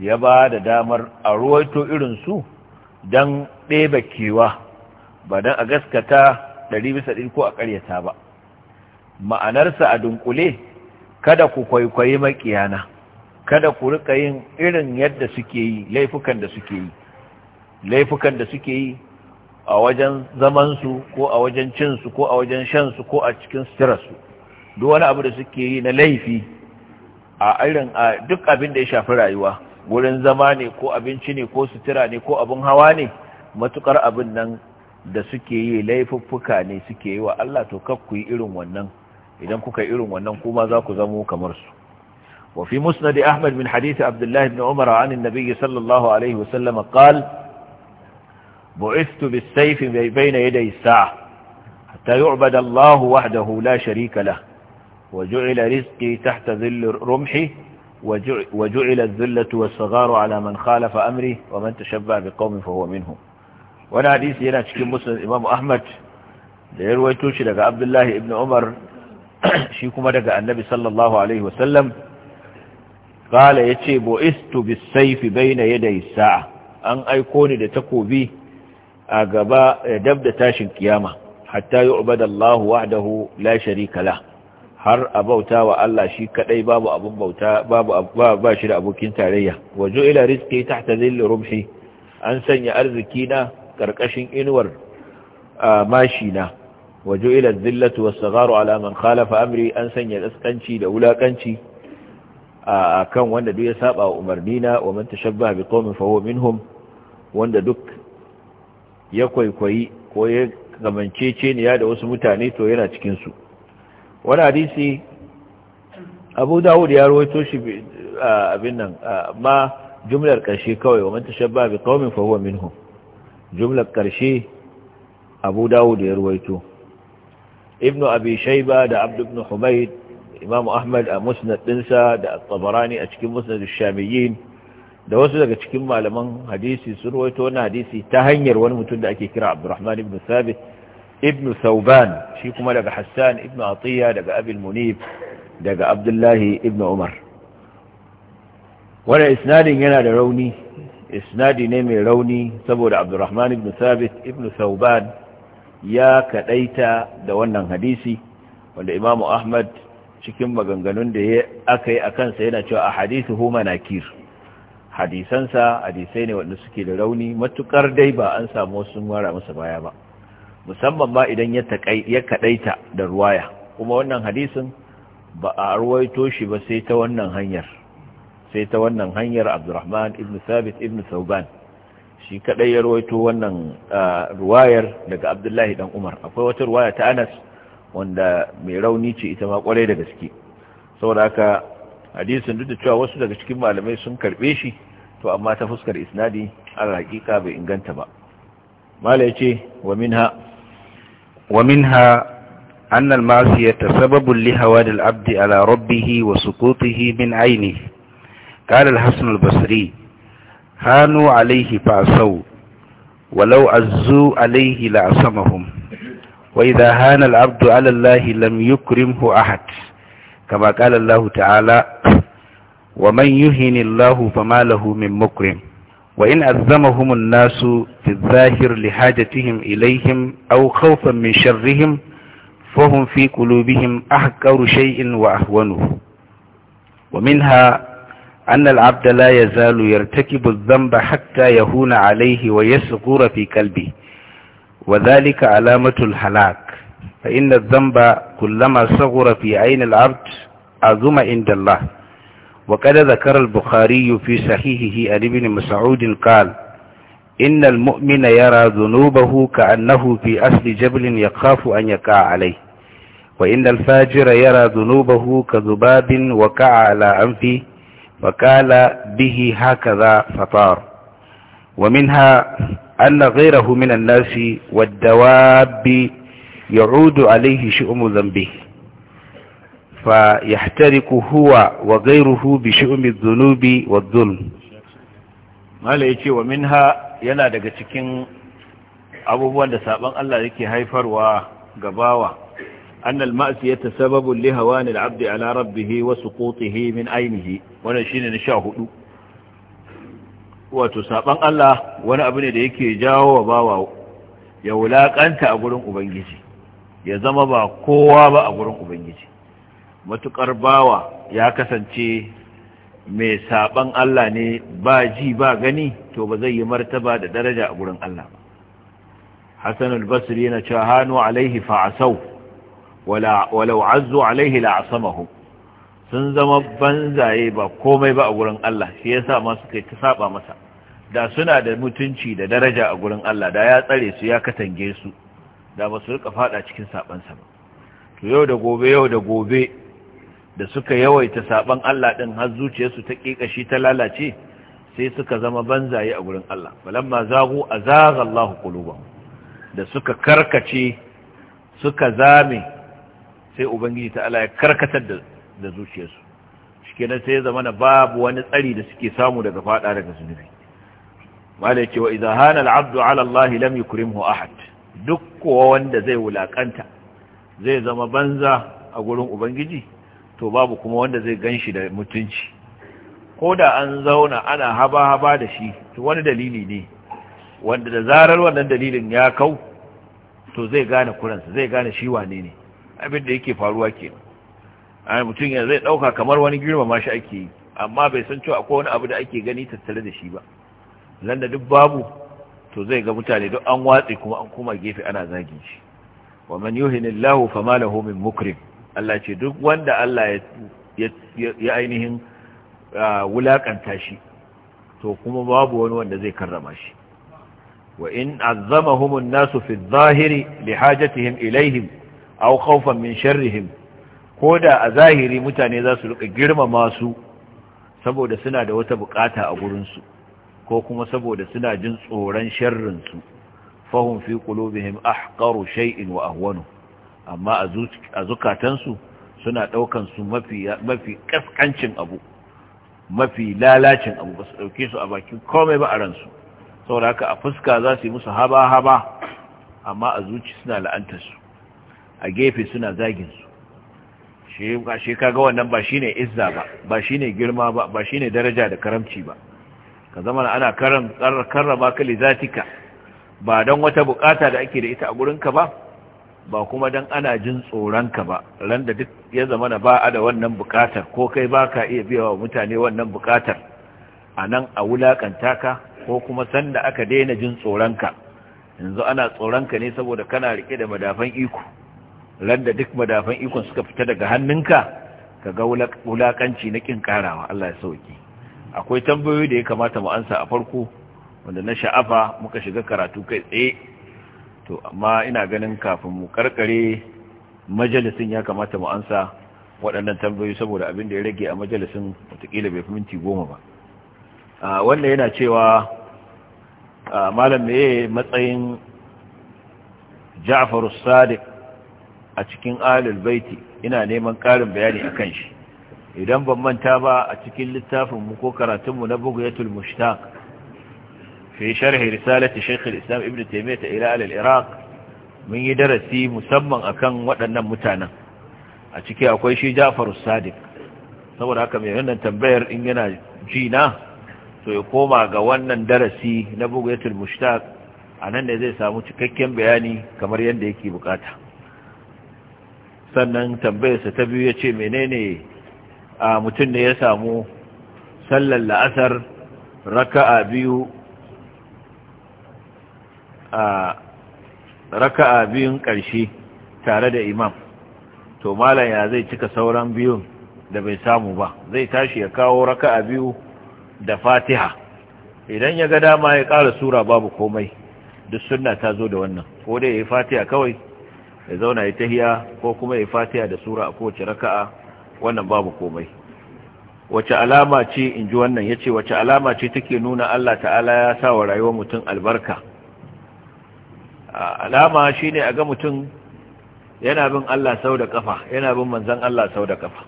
ya ba da damar a ruwaito irinsu don ɗeba kewa ba don a gaskata ɗari bisa ɗin ko a ƙaryata ba ma'anarsa a dunkule kada ku kwaikwayi makiyana kada ku rika yin irin yadda suke yi laifukan da suke yi laifukan da suke yi a wajen zamansu ko a wajen cinsu ko a wajen shansu ko a cikin suturarsu duk wani abu da suke yi na laifi a irin a duk abin da ya shafi rayuwa wurin zama ne ko abinci ne ko sutura ne ko abin hawa ne matukar abin nan da suke yi laifuffuka ne suke yi wa Allah to kaf ku irin wannan idan kuka irin wannan kuma za ku zamo kamar su Wafi musnadi musnad ahmad bin hadith abdullah bin umar an annabi sallallahu alaihi wa sallam qal bu'ithtu bis-sayf bayna yaday as-sa'a hatta yu'bada Allah wahdahu la sharika lah وجعل رزقي تحت ظل رمحي وجعل الذلة والصغار على من خالف أمره ومن تشبع بقوم فهو منهم وانا حديثي هنا تشكي مسلم إمام أحمد ليروي توشي لك عبد الله ابن عمر شيكما لك النبي صلى الله عليه وسلم قال يتشي بؤست بالسيف بين يدي الساعة أن أيكوني لتكو بي أقباء دبد تاشن كيامة حتى يعبد الله وحده لا شريك له har a bauta wa Allah shi kadai babu abun bauta babu ba shi da abokin tarayya wajo ila rizqi tahta zilli rumhi an sanya arziki na karkashin inuwar mashi na wajo ila zillatu was-sagharu ala man khalafa amri an sanya kaskanci da wulakanci akan wanda duk ya saba wa umarni na wa man tashabbaha bi qaumin fa huwa minhum wanda duk ya kwaikwayi ko ya gamancece ne ya da wasu mutane to yana cikin su wani hadisi abu dawud ya ruwaito shi abin nan ma jumlar karshe kawai wa manta shabba bi qaumin fa huwa minhum jumlar karshe abu dawud ya rawaito Ibn abi shayba da abd ibn humayd imam ahmad a musnad dinsa da at-tabarani a cikin musnad shamiyyin da wasu daga cikin malaman hadisi sun ruwaito wani hadisi ta hanyar wani mutum da ake kira abdurrahman ibn sabit Ibnu sauban shi kuma daga hassan Ibnu atiya daga abil daga abdullahi Ibnu umar wannan isnadin yana da rauni isnadi ne mai rauni saboda abdurrahman Ibnu sabit Ibnu sauban ya kaɗaita da wannan hadisi wanda imamu ahmad cikin maganganun da ya aka yi a kansa yana cewa a hadisi huma nakir hadisansa hadisai ne wanda suke da rauni matukar dai ba an samu wasu mara masa baya ba musamman ma idan ya kaɗaita da ruwaya kuma wannan hadisin ba a ruwaito shi ba sai ta wannan hanyar sai ta wannan hanyar abdurrahman ibn sabit ibn sauban shi kaɗai ya ruwaito wannan ruwayar daga abdullahi dan umar akwai wata ruwaya ta anas wanda mai rauni ce ita ma kwarai da gaske saboda haka hadisin duk da cewa wasu daga cikin malamai sun karbe shi to amma ta fuskar isnadi a hakika bai inganta ba mala ya ce wa minha wa minha annal masu yata sababin lihawa da al’abdi ala rabbihi wa sukutuhi min aini ƙarar hasan albasari hannu alaihi fasau walau azu alaihi la'asamahum wa idha hana al’abdu alallahi lam yukrimhu ahad kama ƙalallahu ta’ala wa man yuhinillahu famalahu min mukrim وإن أذمهم الناس في الظاهر لحاجتهم إليهم أو خوفا من شرهم فهم في قلوبهم أحكر شيء وأهونه ومنها أن العبد لا يزال يرتكب الذنب حتى يهون عليه ويسقور في قلبه وذلك علامة الهلاك فإن الذنب كلما صغر في عين العبد أعظم عند الله وقد ذكر البخاري في صحيحه عن ابن مسعود قال إن المؤمن يرى ذنوبه كأنه في أصل جبل يخاف أن يقع عليه وإن الفاجر يرى ذنوبه كذباب وقع على أنفه فقال به هكذا فطار ومنها أن غيره من الناس والدواب يعود عليه شؤم ذنبه فيحترق هو وغيره بشؤم الذنوب والظلم mala ya ce wa minha yana daga cikin abubuwan da saban Allah yake haifarwa ga bawa annal ma'siyata sababun li hawanil 'abdi ala rabbih wa suqutihi min aynihi wannan shine na 14 wato saban Allah wani abu ne da yake jawo wa bawa ya wulakanta a gurin ubangiji ya zama ba kowa ba a gurin ubangiji matuƙar bawa ya kasance mai saɓan Allah ne ba ji ba gani to ba zai yi martaba da daraja a gurin Allah ba Hassan al-Basri yana cewa hannu alaihi fa'asau walau azu alaihi la'asamahu sun zama banzaye ba komai ba a gurin Allah shi ya sa ma kai ta saba masa da suna da mutunci da daraja a gurin Allah da ya tsare su ya katange su da ba su rika fada cikin sabansa ba to yau da gobe yau da gobe da suka yawaita saban Allah ɗin har zuciyarsu ta kikashi ta lalace sai suka zama banzaye a gurin Allah falamma zagu azagha Allahu da suka karkace suka zame sai ubangiji ta Allah ya karkatar da da zuciyarsu shikenan sai ya zama na babu wani tsari da suke samu daga fada daga zunubi malai cewa idza hana al-abdu ala Allah lam yukrimhu ahad duk kowa wanda zai wulakanta zai zama banza a gurin ubangiji to babu kuma wanda zai gan shi da mutunci ko da an zauna ana haba-haba da shi to wani dalili ne wanda da zarar wannan dalilin ya kau to zai gane kuransa zai gane shi wane ne abin da yake faruwa ke a mutum ya zai ɗauka kamar wani girma ma shi ake yi amma bai san cewa akwai wani abu da ake gani tattare da shi ba landa duk babu to zai ga mutane duk an watsi kuma an koma gefe ana zagi shi wa man yuhinillahu fama lahu min mukrim Allah ce duk wanda Allah ya ainihin wulakanta shi to kuma babu wani wanda zai karrama shi wa in azzamahumun nasu fi zahiri li hajatihim ilaihim aw khawfan min sharrihim da a zahiri mutane za su rika girmama su saboda suna da wata bukata a gurin su ko kuma saboda suna jin tsoron sharrin su fahum fi qulubihim ahqaru shay'in wa ahwanu amma a zukatansu suna ɗaukan su mafi ƙasƙancin abu mafi lalacin abu ba su ɗauke su a bakin komai ba a ransu saboda haka a fuska za su yi musu haba-haba amma a zuci suna la'antarsu a gefe suna zaginsu shi ga wannan ba shi ne izza ba ba shi ne girma ba ba shi ne daraja da karamci ba ka zama ana karrama ka zatika ba don wata bukata da ake da ita a gurinka ba ba kuma dan ana jin tsoronka ba ran da duk ya zama na ba a da wannan bukatar ko kai ba ka iya biya wa mutane wannan bukatar a nan a wulakanta ka ko kuma sanda aka daina jin tsoronka yanzu ana tsoronka ne saboda kana rike da madafan iko ran da duk madafan ikon suka fita daga hannunka ka ga wulakanci na kin karawa Allah ya sauki akwai tambayoyi da ya kamata mu ansa a farko wanda na sha'afa muka shiga karatu kai tsaye to amma ina ganin kafin mu karkare majalisin ya kamata mu ansa waɗannan tambayoyi saboda abin da ya rage a majalisin watakila bai fi minti goma ba wanda yana cewa malam meye matsayin ja'afar sadiq a cikin alil baiti ina neman ƙarin bayani a kan shi idan ban manta ba a cikin littafin mu ko karatunmu na bugu ya mushtaq fi sharhi risalati shaykh al-islam ibn ta ila al-iraq mun yi darasi musamman akan waɗannan mutanen a ciki akwai shi Ja'far sadiq saboda haka mai wannan tambayar in yana jina to ya koma ga wannan darasi na bugu bugayatul mushtaq anan ne zai samu cikakken bayani kamar yadda yake bukata sannan tambayarsa ta biyu ya ce menene a mutum ne ya samu sallar la'asar raka'a biyu a raka'a biyun ƙarshe tare da imam to malam ya zai cika sauran biyun da bai samu ba zai tashi ya kawo raka'a biyu da fatiha idan ya ga dama ya ƙara sura babu komai duk sunna ta zo da wannan ko dai ya yi fatiha kawai ya zauna ya tahiya ko kuma ya yi fatiha da sura a kowace raka'a wannan babu komai wace alama ce in ji wannan ya ce wace alama ce take nuna Allah ta'ala ya sa wa rayuwar mutum albarka alama shi ne a ga mutum yana bin Allah sau da kafa yana bin manzan Allah sau da kafa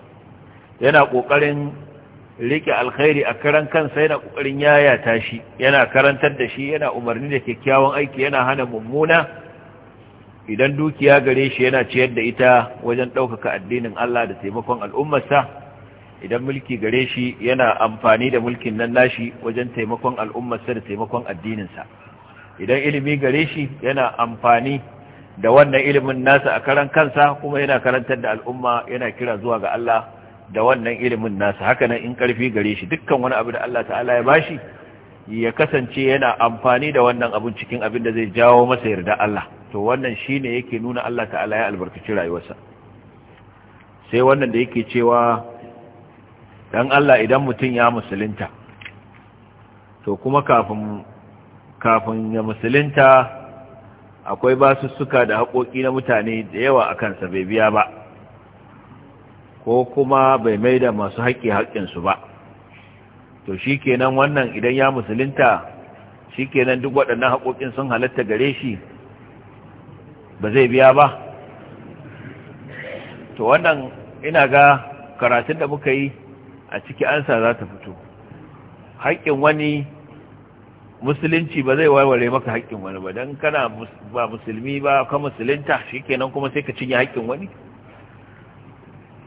yana kokarin riƙe alkhairi a karan kansa yana kokarin yayata shi yana karantar da shi yana umarni da kyakkyawan aiki yana hana mummuna idan dukiya gare shi yana ciyar da ita wajen ɗaukaka addinin Allah da taimakon al'ummarsa idan mulki gare shi yana amfani da mulkin nan nashi wajen taimakon al'ummarsa da taimakon addininsa idan ilimi gare shi yana amfani da wannan ilimin nasa a karan kansa kuma yana karantar da al'umma yana kira zuwa ga Allah da wannan ilimin nasa haka nan in karfi gare shi dukkan wani abu da Allah ta'ala ya bashi ya kasance yana amfani da wannan abun cikin abin da zai jawo masa yarda Allah to wannan shine yake nuna Allah ta'ala ya albarkaci rayuwarsa sai wannan da yake cewa dan Allah idan mutum ya musulunta to kuma kafin kafin ya musulunta akwai basussuka da haƙoƙi na mutane da yawa a kansa bai biya ba ko kuma bai mai da masu haƙƙi haƙƙinsu ba to shi kenan wannan idan ya musulunta shi kenan duk waɗannan haƙoƙin sun halatta gare shi ba zai biya ba to wannan ina ga karatun da muka yi a ciki ansa za ta fito haƙƙin wani musulunci ba zai warware maka haƙƙin wani ba don kana ba musulmi ba ka musulunta shikenan kuma sai ka cinye haƙƙin wani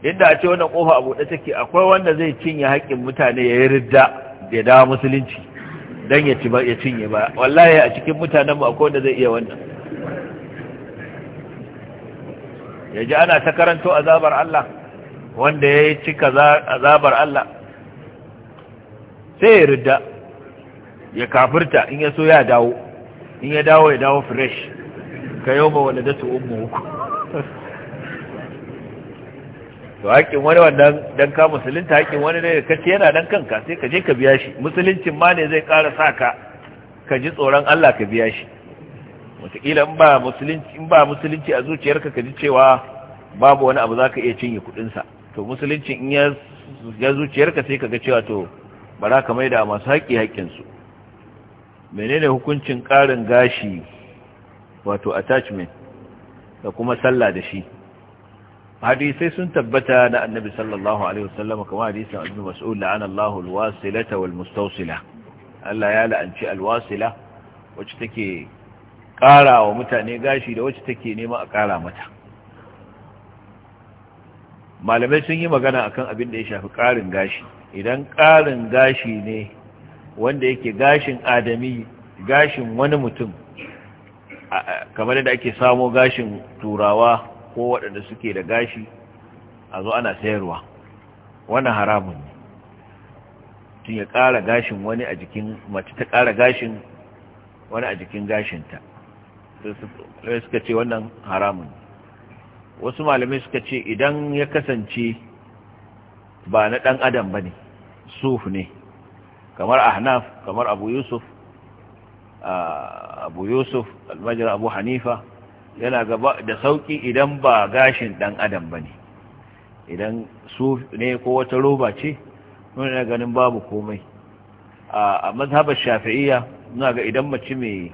inda a ce wannan ƙofa abu buɗe take akwai wanda zai cinye haƙƙin mutane ya yi ridda ya dawo musulunci don ya ci ba ya cinye ba wallahi a cikin mutanen ba akwai wanda zai iya wannan ya ji ana ta karanto azabar Allah wanda ya yi cika azabar Allah sai ya ridda ya kafirta in ya so ya dawo in ya dawo ya dawo fresh ka yau ma wanda datu uku to haƙƙin wani wannan dan ka musulunta haƙƙin wani ne ka ce yana dan kanka sai ka je ka biya shi musuluncin ma ne zai ƙara sa ka ka ji tsoron Allah ka biya shi wataƙila in ba musulunci in ba musulunci a zuciyarka ka ji cewa babu wani abu za ka iya cinye kuɗinsa to musuluncin in ya zuciyarka sai ka ga cewa to bara ka maida masu haƙƙi haƙƙinsu menene hukuncin ƙarin gashi wato attachment da kuma sallah da shi hadisai sun tabbata da annabi sallallahu alaihi wasallam kuma hadisin annabi mas'ul la'ana Allahu alwasilata walmustawsila Allah ya la'anci alwasila wacce take ƙara wa mutane gashi da wacce take nema a ƙara mata malamai sun yi magana akan abin da ya shafi ƙarin gashi idan ƙarin gashi ne wanda yake gashin adami gashin wani mutum kamar da ake samo gashin turawa ko waɗanda suke da gashi a zo ana sayarwa wani haramun ne tun ya ƙara gashin wani a jikin mace ta ƙara gashin wani a jikin gashinta sai suka ce wannan haramun wasu malamai suka ce idan ya kasance ba na ɗan adam ba ne suf ne kamar ahnaf kamar abu yusuf abu yusuf almajira abu hanifa yana gaba da sauki idan ba gashin dan adam ba ne idan su ne ko wata roba ce nuna ganin babu komai a mazhabar shafi'iyya nuna ga idan mace mai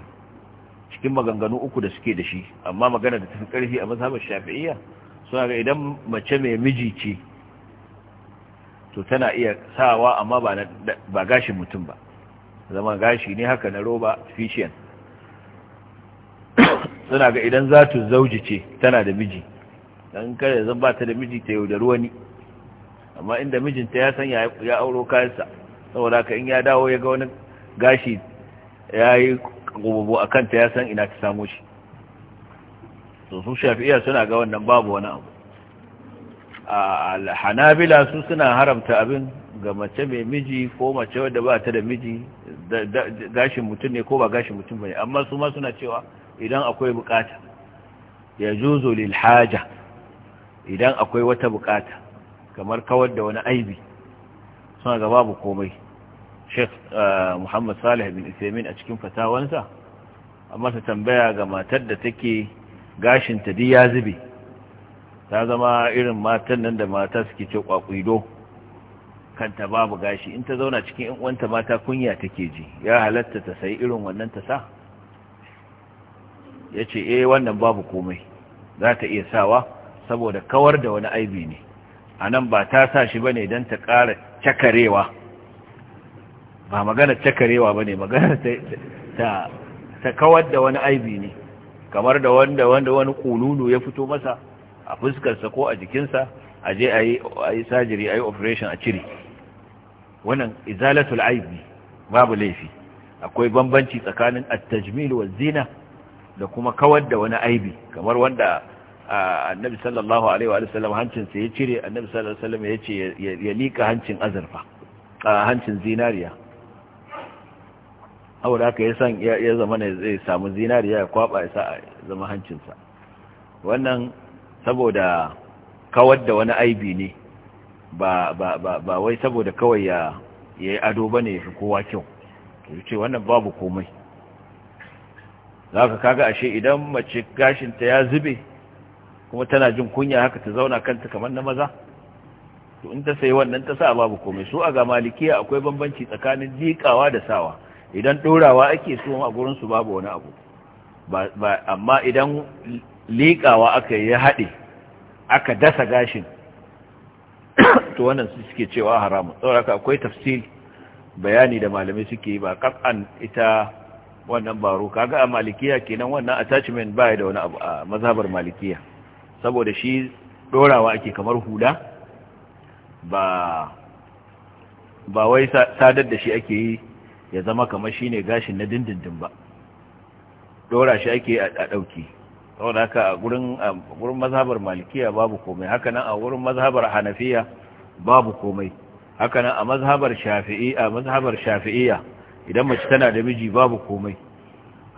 cikin maganganu uku da suke da shi amma magana da tafi karfi a mazhabar shafi'iyya suna ga idan mace mai miji ce to tana iya sawa amma ba gashin mutum ba zama gashi ne haka na roba fishiyan suna ga idan za ta zauji ce tana da miji don kare zan ba ta da miji ta yaudari wani amma inda mijinta ya san ya auro kayansa saboda haka in ya dawo ya ga wani gashi ya yi gububu a kanta ya san ina ta samo shi su iya suna ga wannan babu wani abu hanabila su suna haramta abin ga mace mai miji ko mace wadda ba ta da miji gashin mutum ne ko ba gashin mutum ba ne amma su ma suna cewa idan akwai bukata ya juzo lilhaja idan akwai wata bukata kamar kawar da wani aibi suna ga babu komai sheikh muhammad salih bin isaimin a cikin fatawansa amma ta tambaya ga matar da take gashin ta ya zube ta zama irin matan nan da mata suke ce kwakwido kanta babu gashi in ta zauna cikin yan uwanta mata kunya take ji ya halatta ta sayi irin wannan ta sa yace eh wannan babu komai za ta iya sawa saboda kawar da wani aibi ne anan ba ta sa shi bane dan ta ƙara cakarewa ba magana cakarewa bane magana ta ta kawar da wani aibi ne kamar da wanda wanda wani kululu ya fito masa a fuskarsa ko a jikinsa a je a yi sajiri a yi operation a cire wannan izalatul aibi babu laifi akwai bambanci tsakanin attajmil wa zina da kuma kawar da wani aibi kamar wanda annabi sallallahu alaihi wa sallam hancinsa ya cire annabi sallallahu alaihi wa sallam ya ce ya lika hancin azurfa hancin zinariya saboda haka ya san ya zama ne zai samu zinariya ya kwaba ya sa zama hancinsa wannan saboda kawar da wani aibi ne ba ba ba ba wai saboda kawai ya yi ado bane ya fi kowa kyau to ce wannan babu komai zaka kaga ashe idan mace gashinta ya zube kuma tana jin kunya haka ta zauna kanta kamar na maza to in ta sayi wannan ta sa babu komai su a ga malikiya akwai bambanci tsakanin dikawa da sawa idan dorawa ake so a gurin babu wani abu amma idan liƙawa aka yi ya haɗe aka dasa gashin to wannan su suke cewa haramun tsoraka akwai tafsir bayani da malamai suke yi ba kafan ita wannan baro kaga a malikiya kenan wannan attachment baya da wani abu a mazhabar malikiya saboda shi dorawa ake kamar huda, ba ba wai sadar da shi ake yi ya zama kamar shine gashin na dindindin ba dora shi ake a dauki saboda haka a gurin mazhabar malikiya babu komai haka nan a gurin mazhabar hanafiya babu komai haka nan a mazhabar shafi'iyya mazhabar shafi'iyya idan mace tana da miji babu komai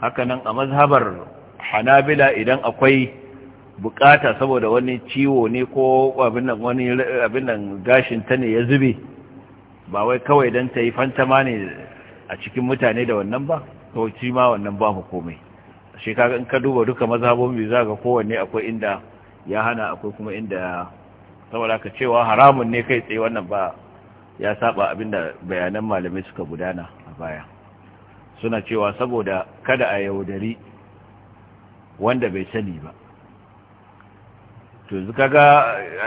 haka nan a mazhabar hanabila idan akwai bukata saboda wani ciwo ne ko abin nan wani abin nan gashin ta ne ya zube ba wai kawai dan tayi fantama ne a cikin mutane da wannan ba to shi ma wannan babu komai shi kaga in ka duba duka mazhabobin za ga kowanne akwai inda ya hana akwai kuma inda saboda ka cewa haramun ne kai tsaye wannan ba ya saba abinda bayanan malamai suka gudana a baya suna cewa saboda kada a yaudari wanda bai sani ba to zuka ga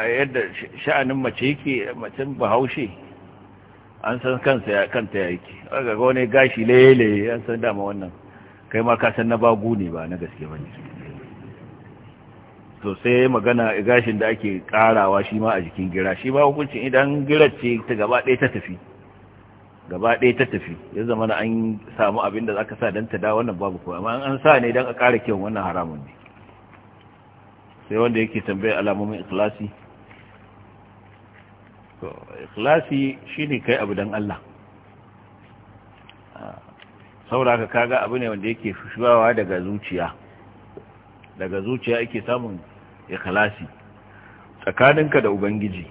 yadda sha'anin mace yake mutum bahaushe an san kansa ya kanta yake ga wani gashi lele an san dama wannan kai ma ka san na bagu ne ba na gaske ba ne to magana gashin da ake karawa shi ma a jikin gira shi ma hukuncin idan girar ce ta gaba ɗaya ta tafi gaba ɗaya ta tafi ya zama na an samu abin da za ka sa don ta da wannan babu kuwa amma an sa ne don a kara kyau wannan haramun ne sai wanda yake tambayar alamomin ikhlasi ikhlasi shi ne kai abu don Allah saboda haka kaga abu ne wanda yake fushuwa daga zuciya daga zuciya yake samun ikhlasi tsakaninka da ubangiji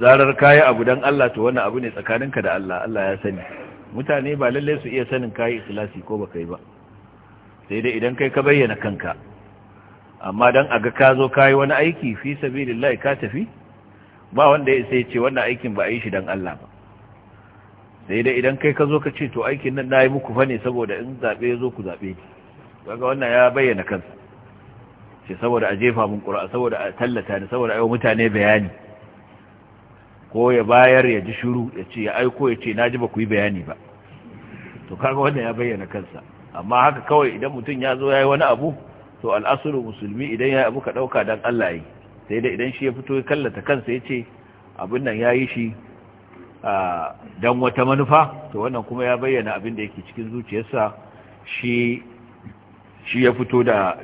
zarar kayi abu dan Allah to wannan abu ne tsakaninka da Allah Allah ya sani mutane ba lalle su iya sanin kayi ikhlasi ko baka yi ba sai dai idan kai ka bayyana kanka amma dan ga ka zo kayi wani aiki fi sabilillah ka tafi ba wanda ya sai ce wannan aikin ba a yi shi dan Allah ba sai dai idan kai ka zo ka ce to aikin nan yi muku fa ne saboda in zabe ya zo ku zabe ni kaga wannan ya bayyana kansa ce saboda a jefa mun qur'a saboda a tallata ne saboda ayo mutane bayani ko ya bayar ya ji shiru ya ce ya aiko ya ce naji ba ku yi bayani ba to kaga wannan ya bayyana kansa amma haka kawai idan mutum ya zo yayi wani abu to al'asulu musulmi idan yayi abu ka dauka dan Allah yi sai dai idan shi ya fito ya kallata kansa ya ce abin nan yayi shi don wata manufa to wannan kuma ya bayyana abin da yake cikin zuciyarsa shi shi ya fito da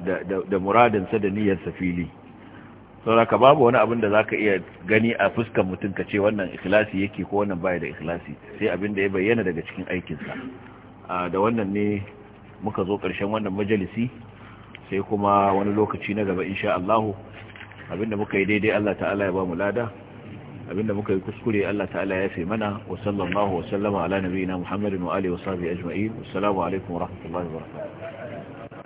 da muradinsa da niyyarsa fili sauraka babu wani abin da zaka iya gani a fuskar mutum ka ce wannan ikhlasi yake ko wannan baya da ikhlasi sai abin da ya bayyana daga cikin aikinsa da wannan ne muka zo ƙarshen wannan majalisi sai kuma wani lokaci na gaba insha Allah abinda muka yi daidai Allah ta'ala ya ba mu lada abinda muka yi kuskure Allah ta'ala ya fi mana wa sallallahu wa sallama ala nabiyina Muhammadin wa alihi wa sahbihi ajma'in assalamu alaikum wa rahmatullahi wa barakatuh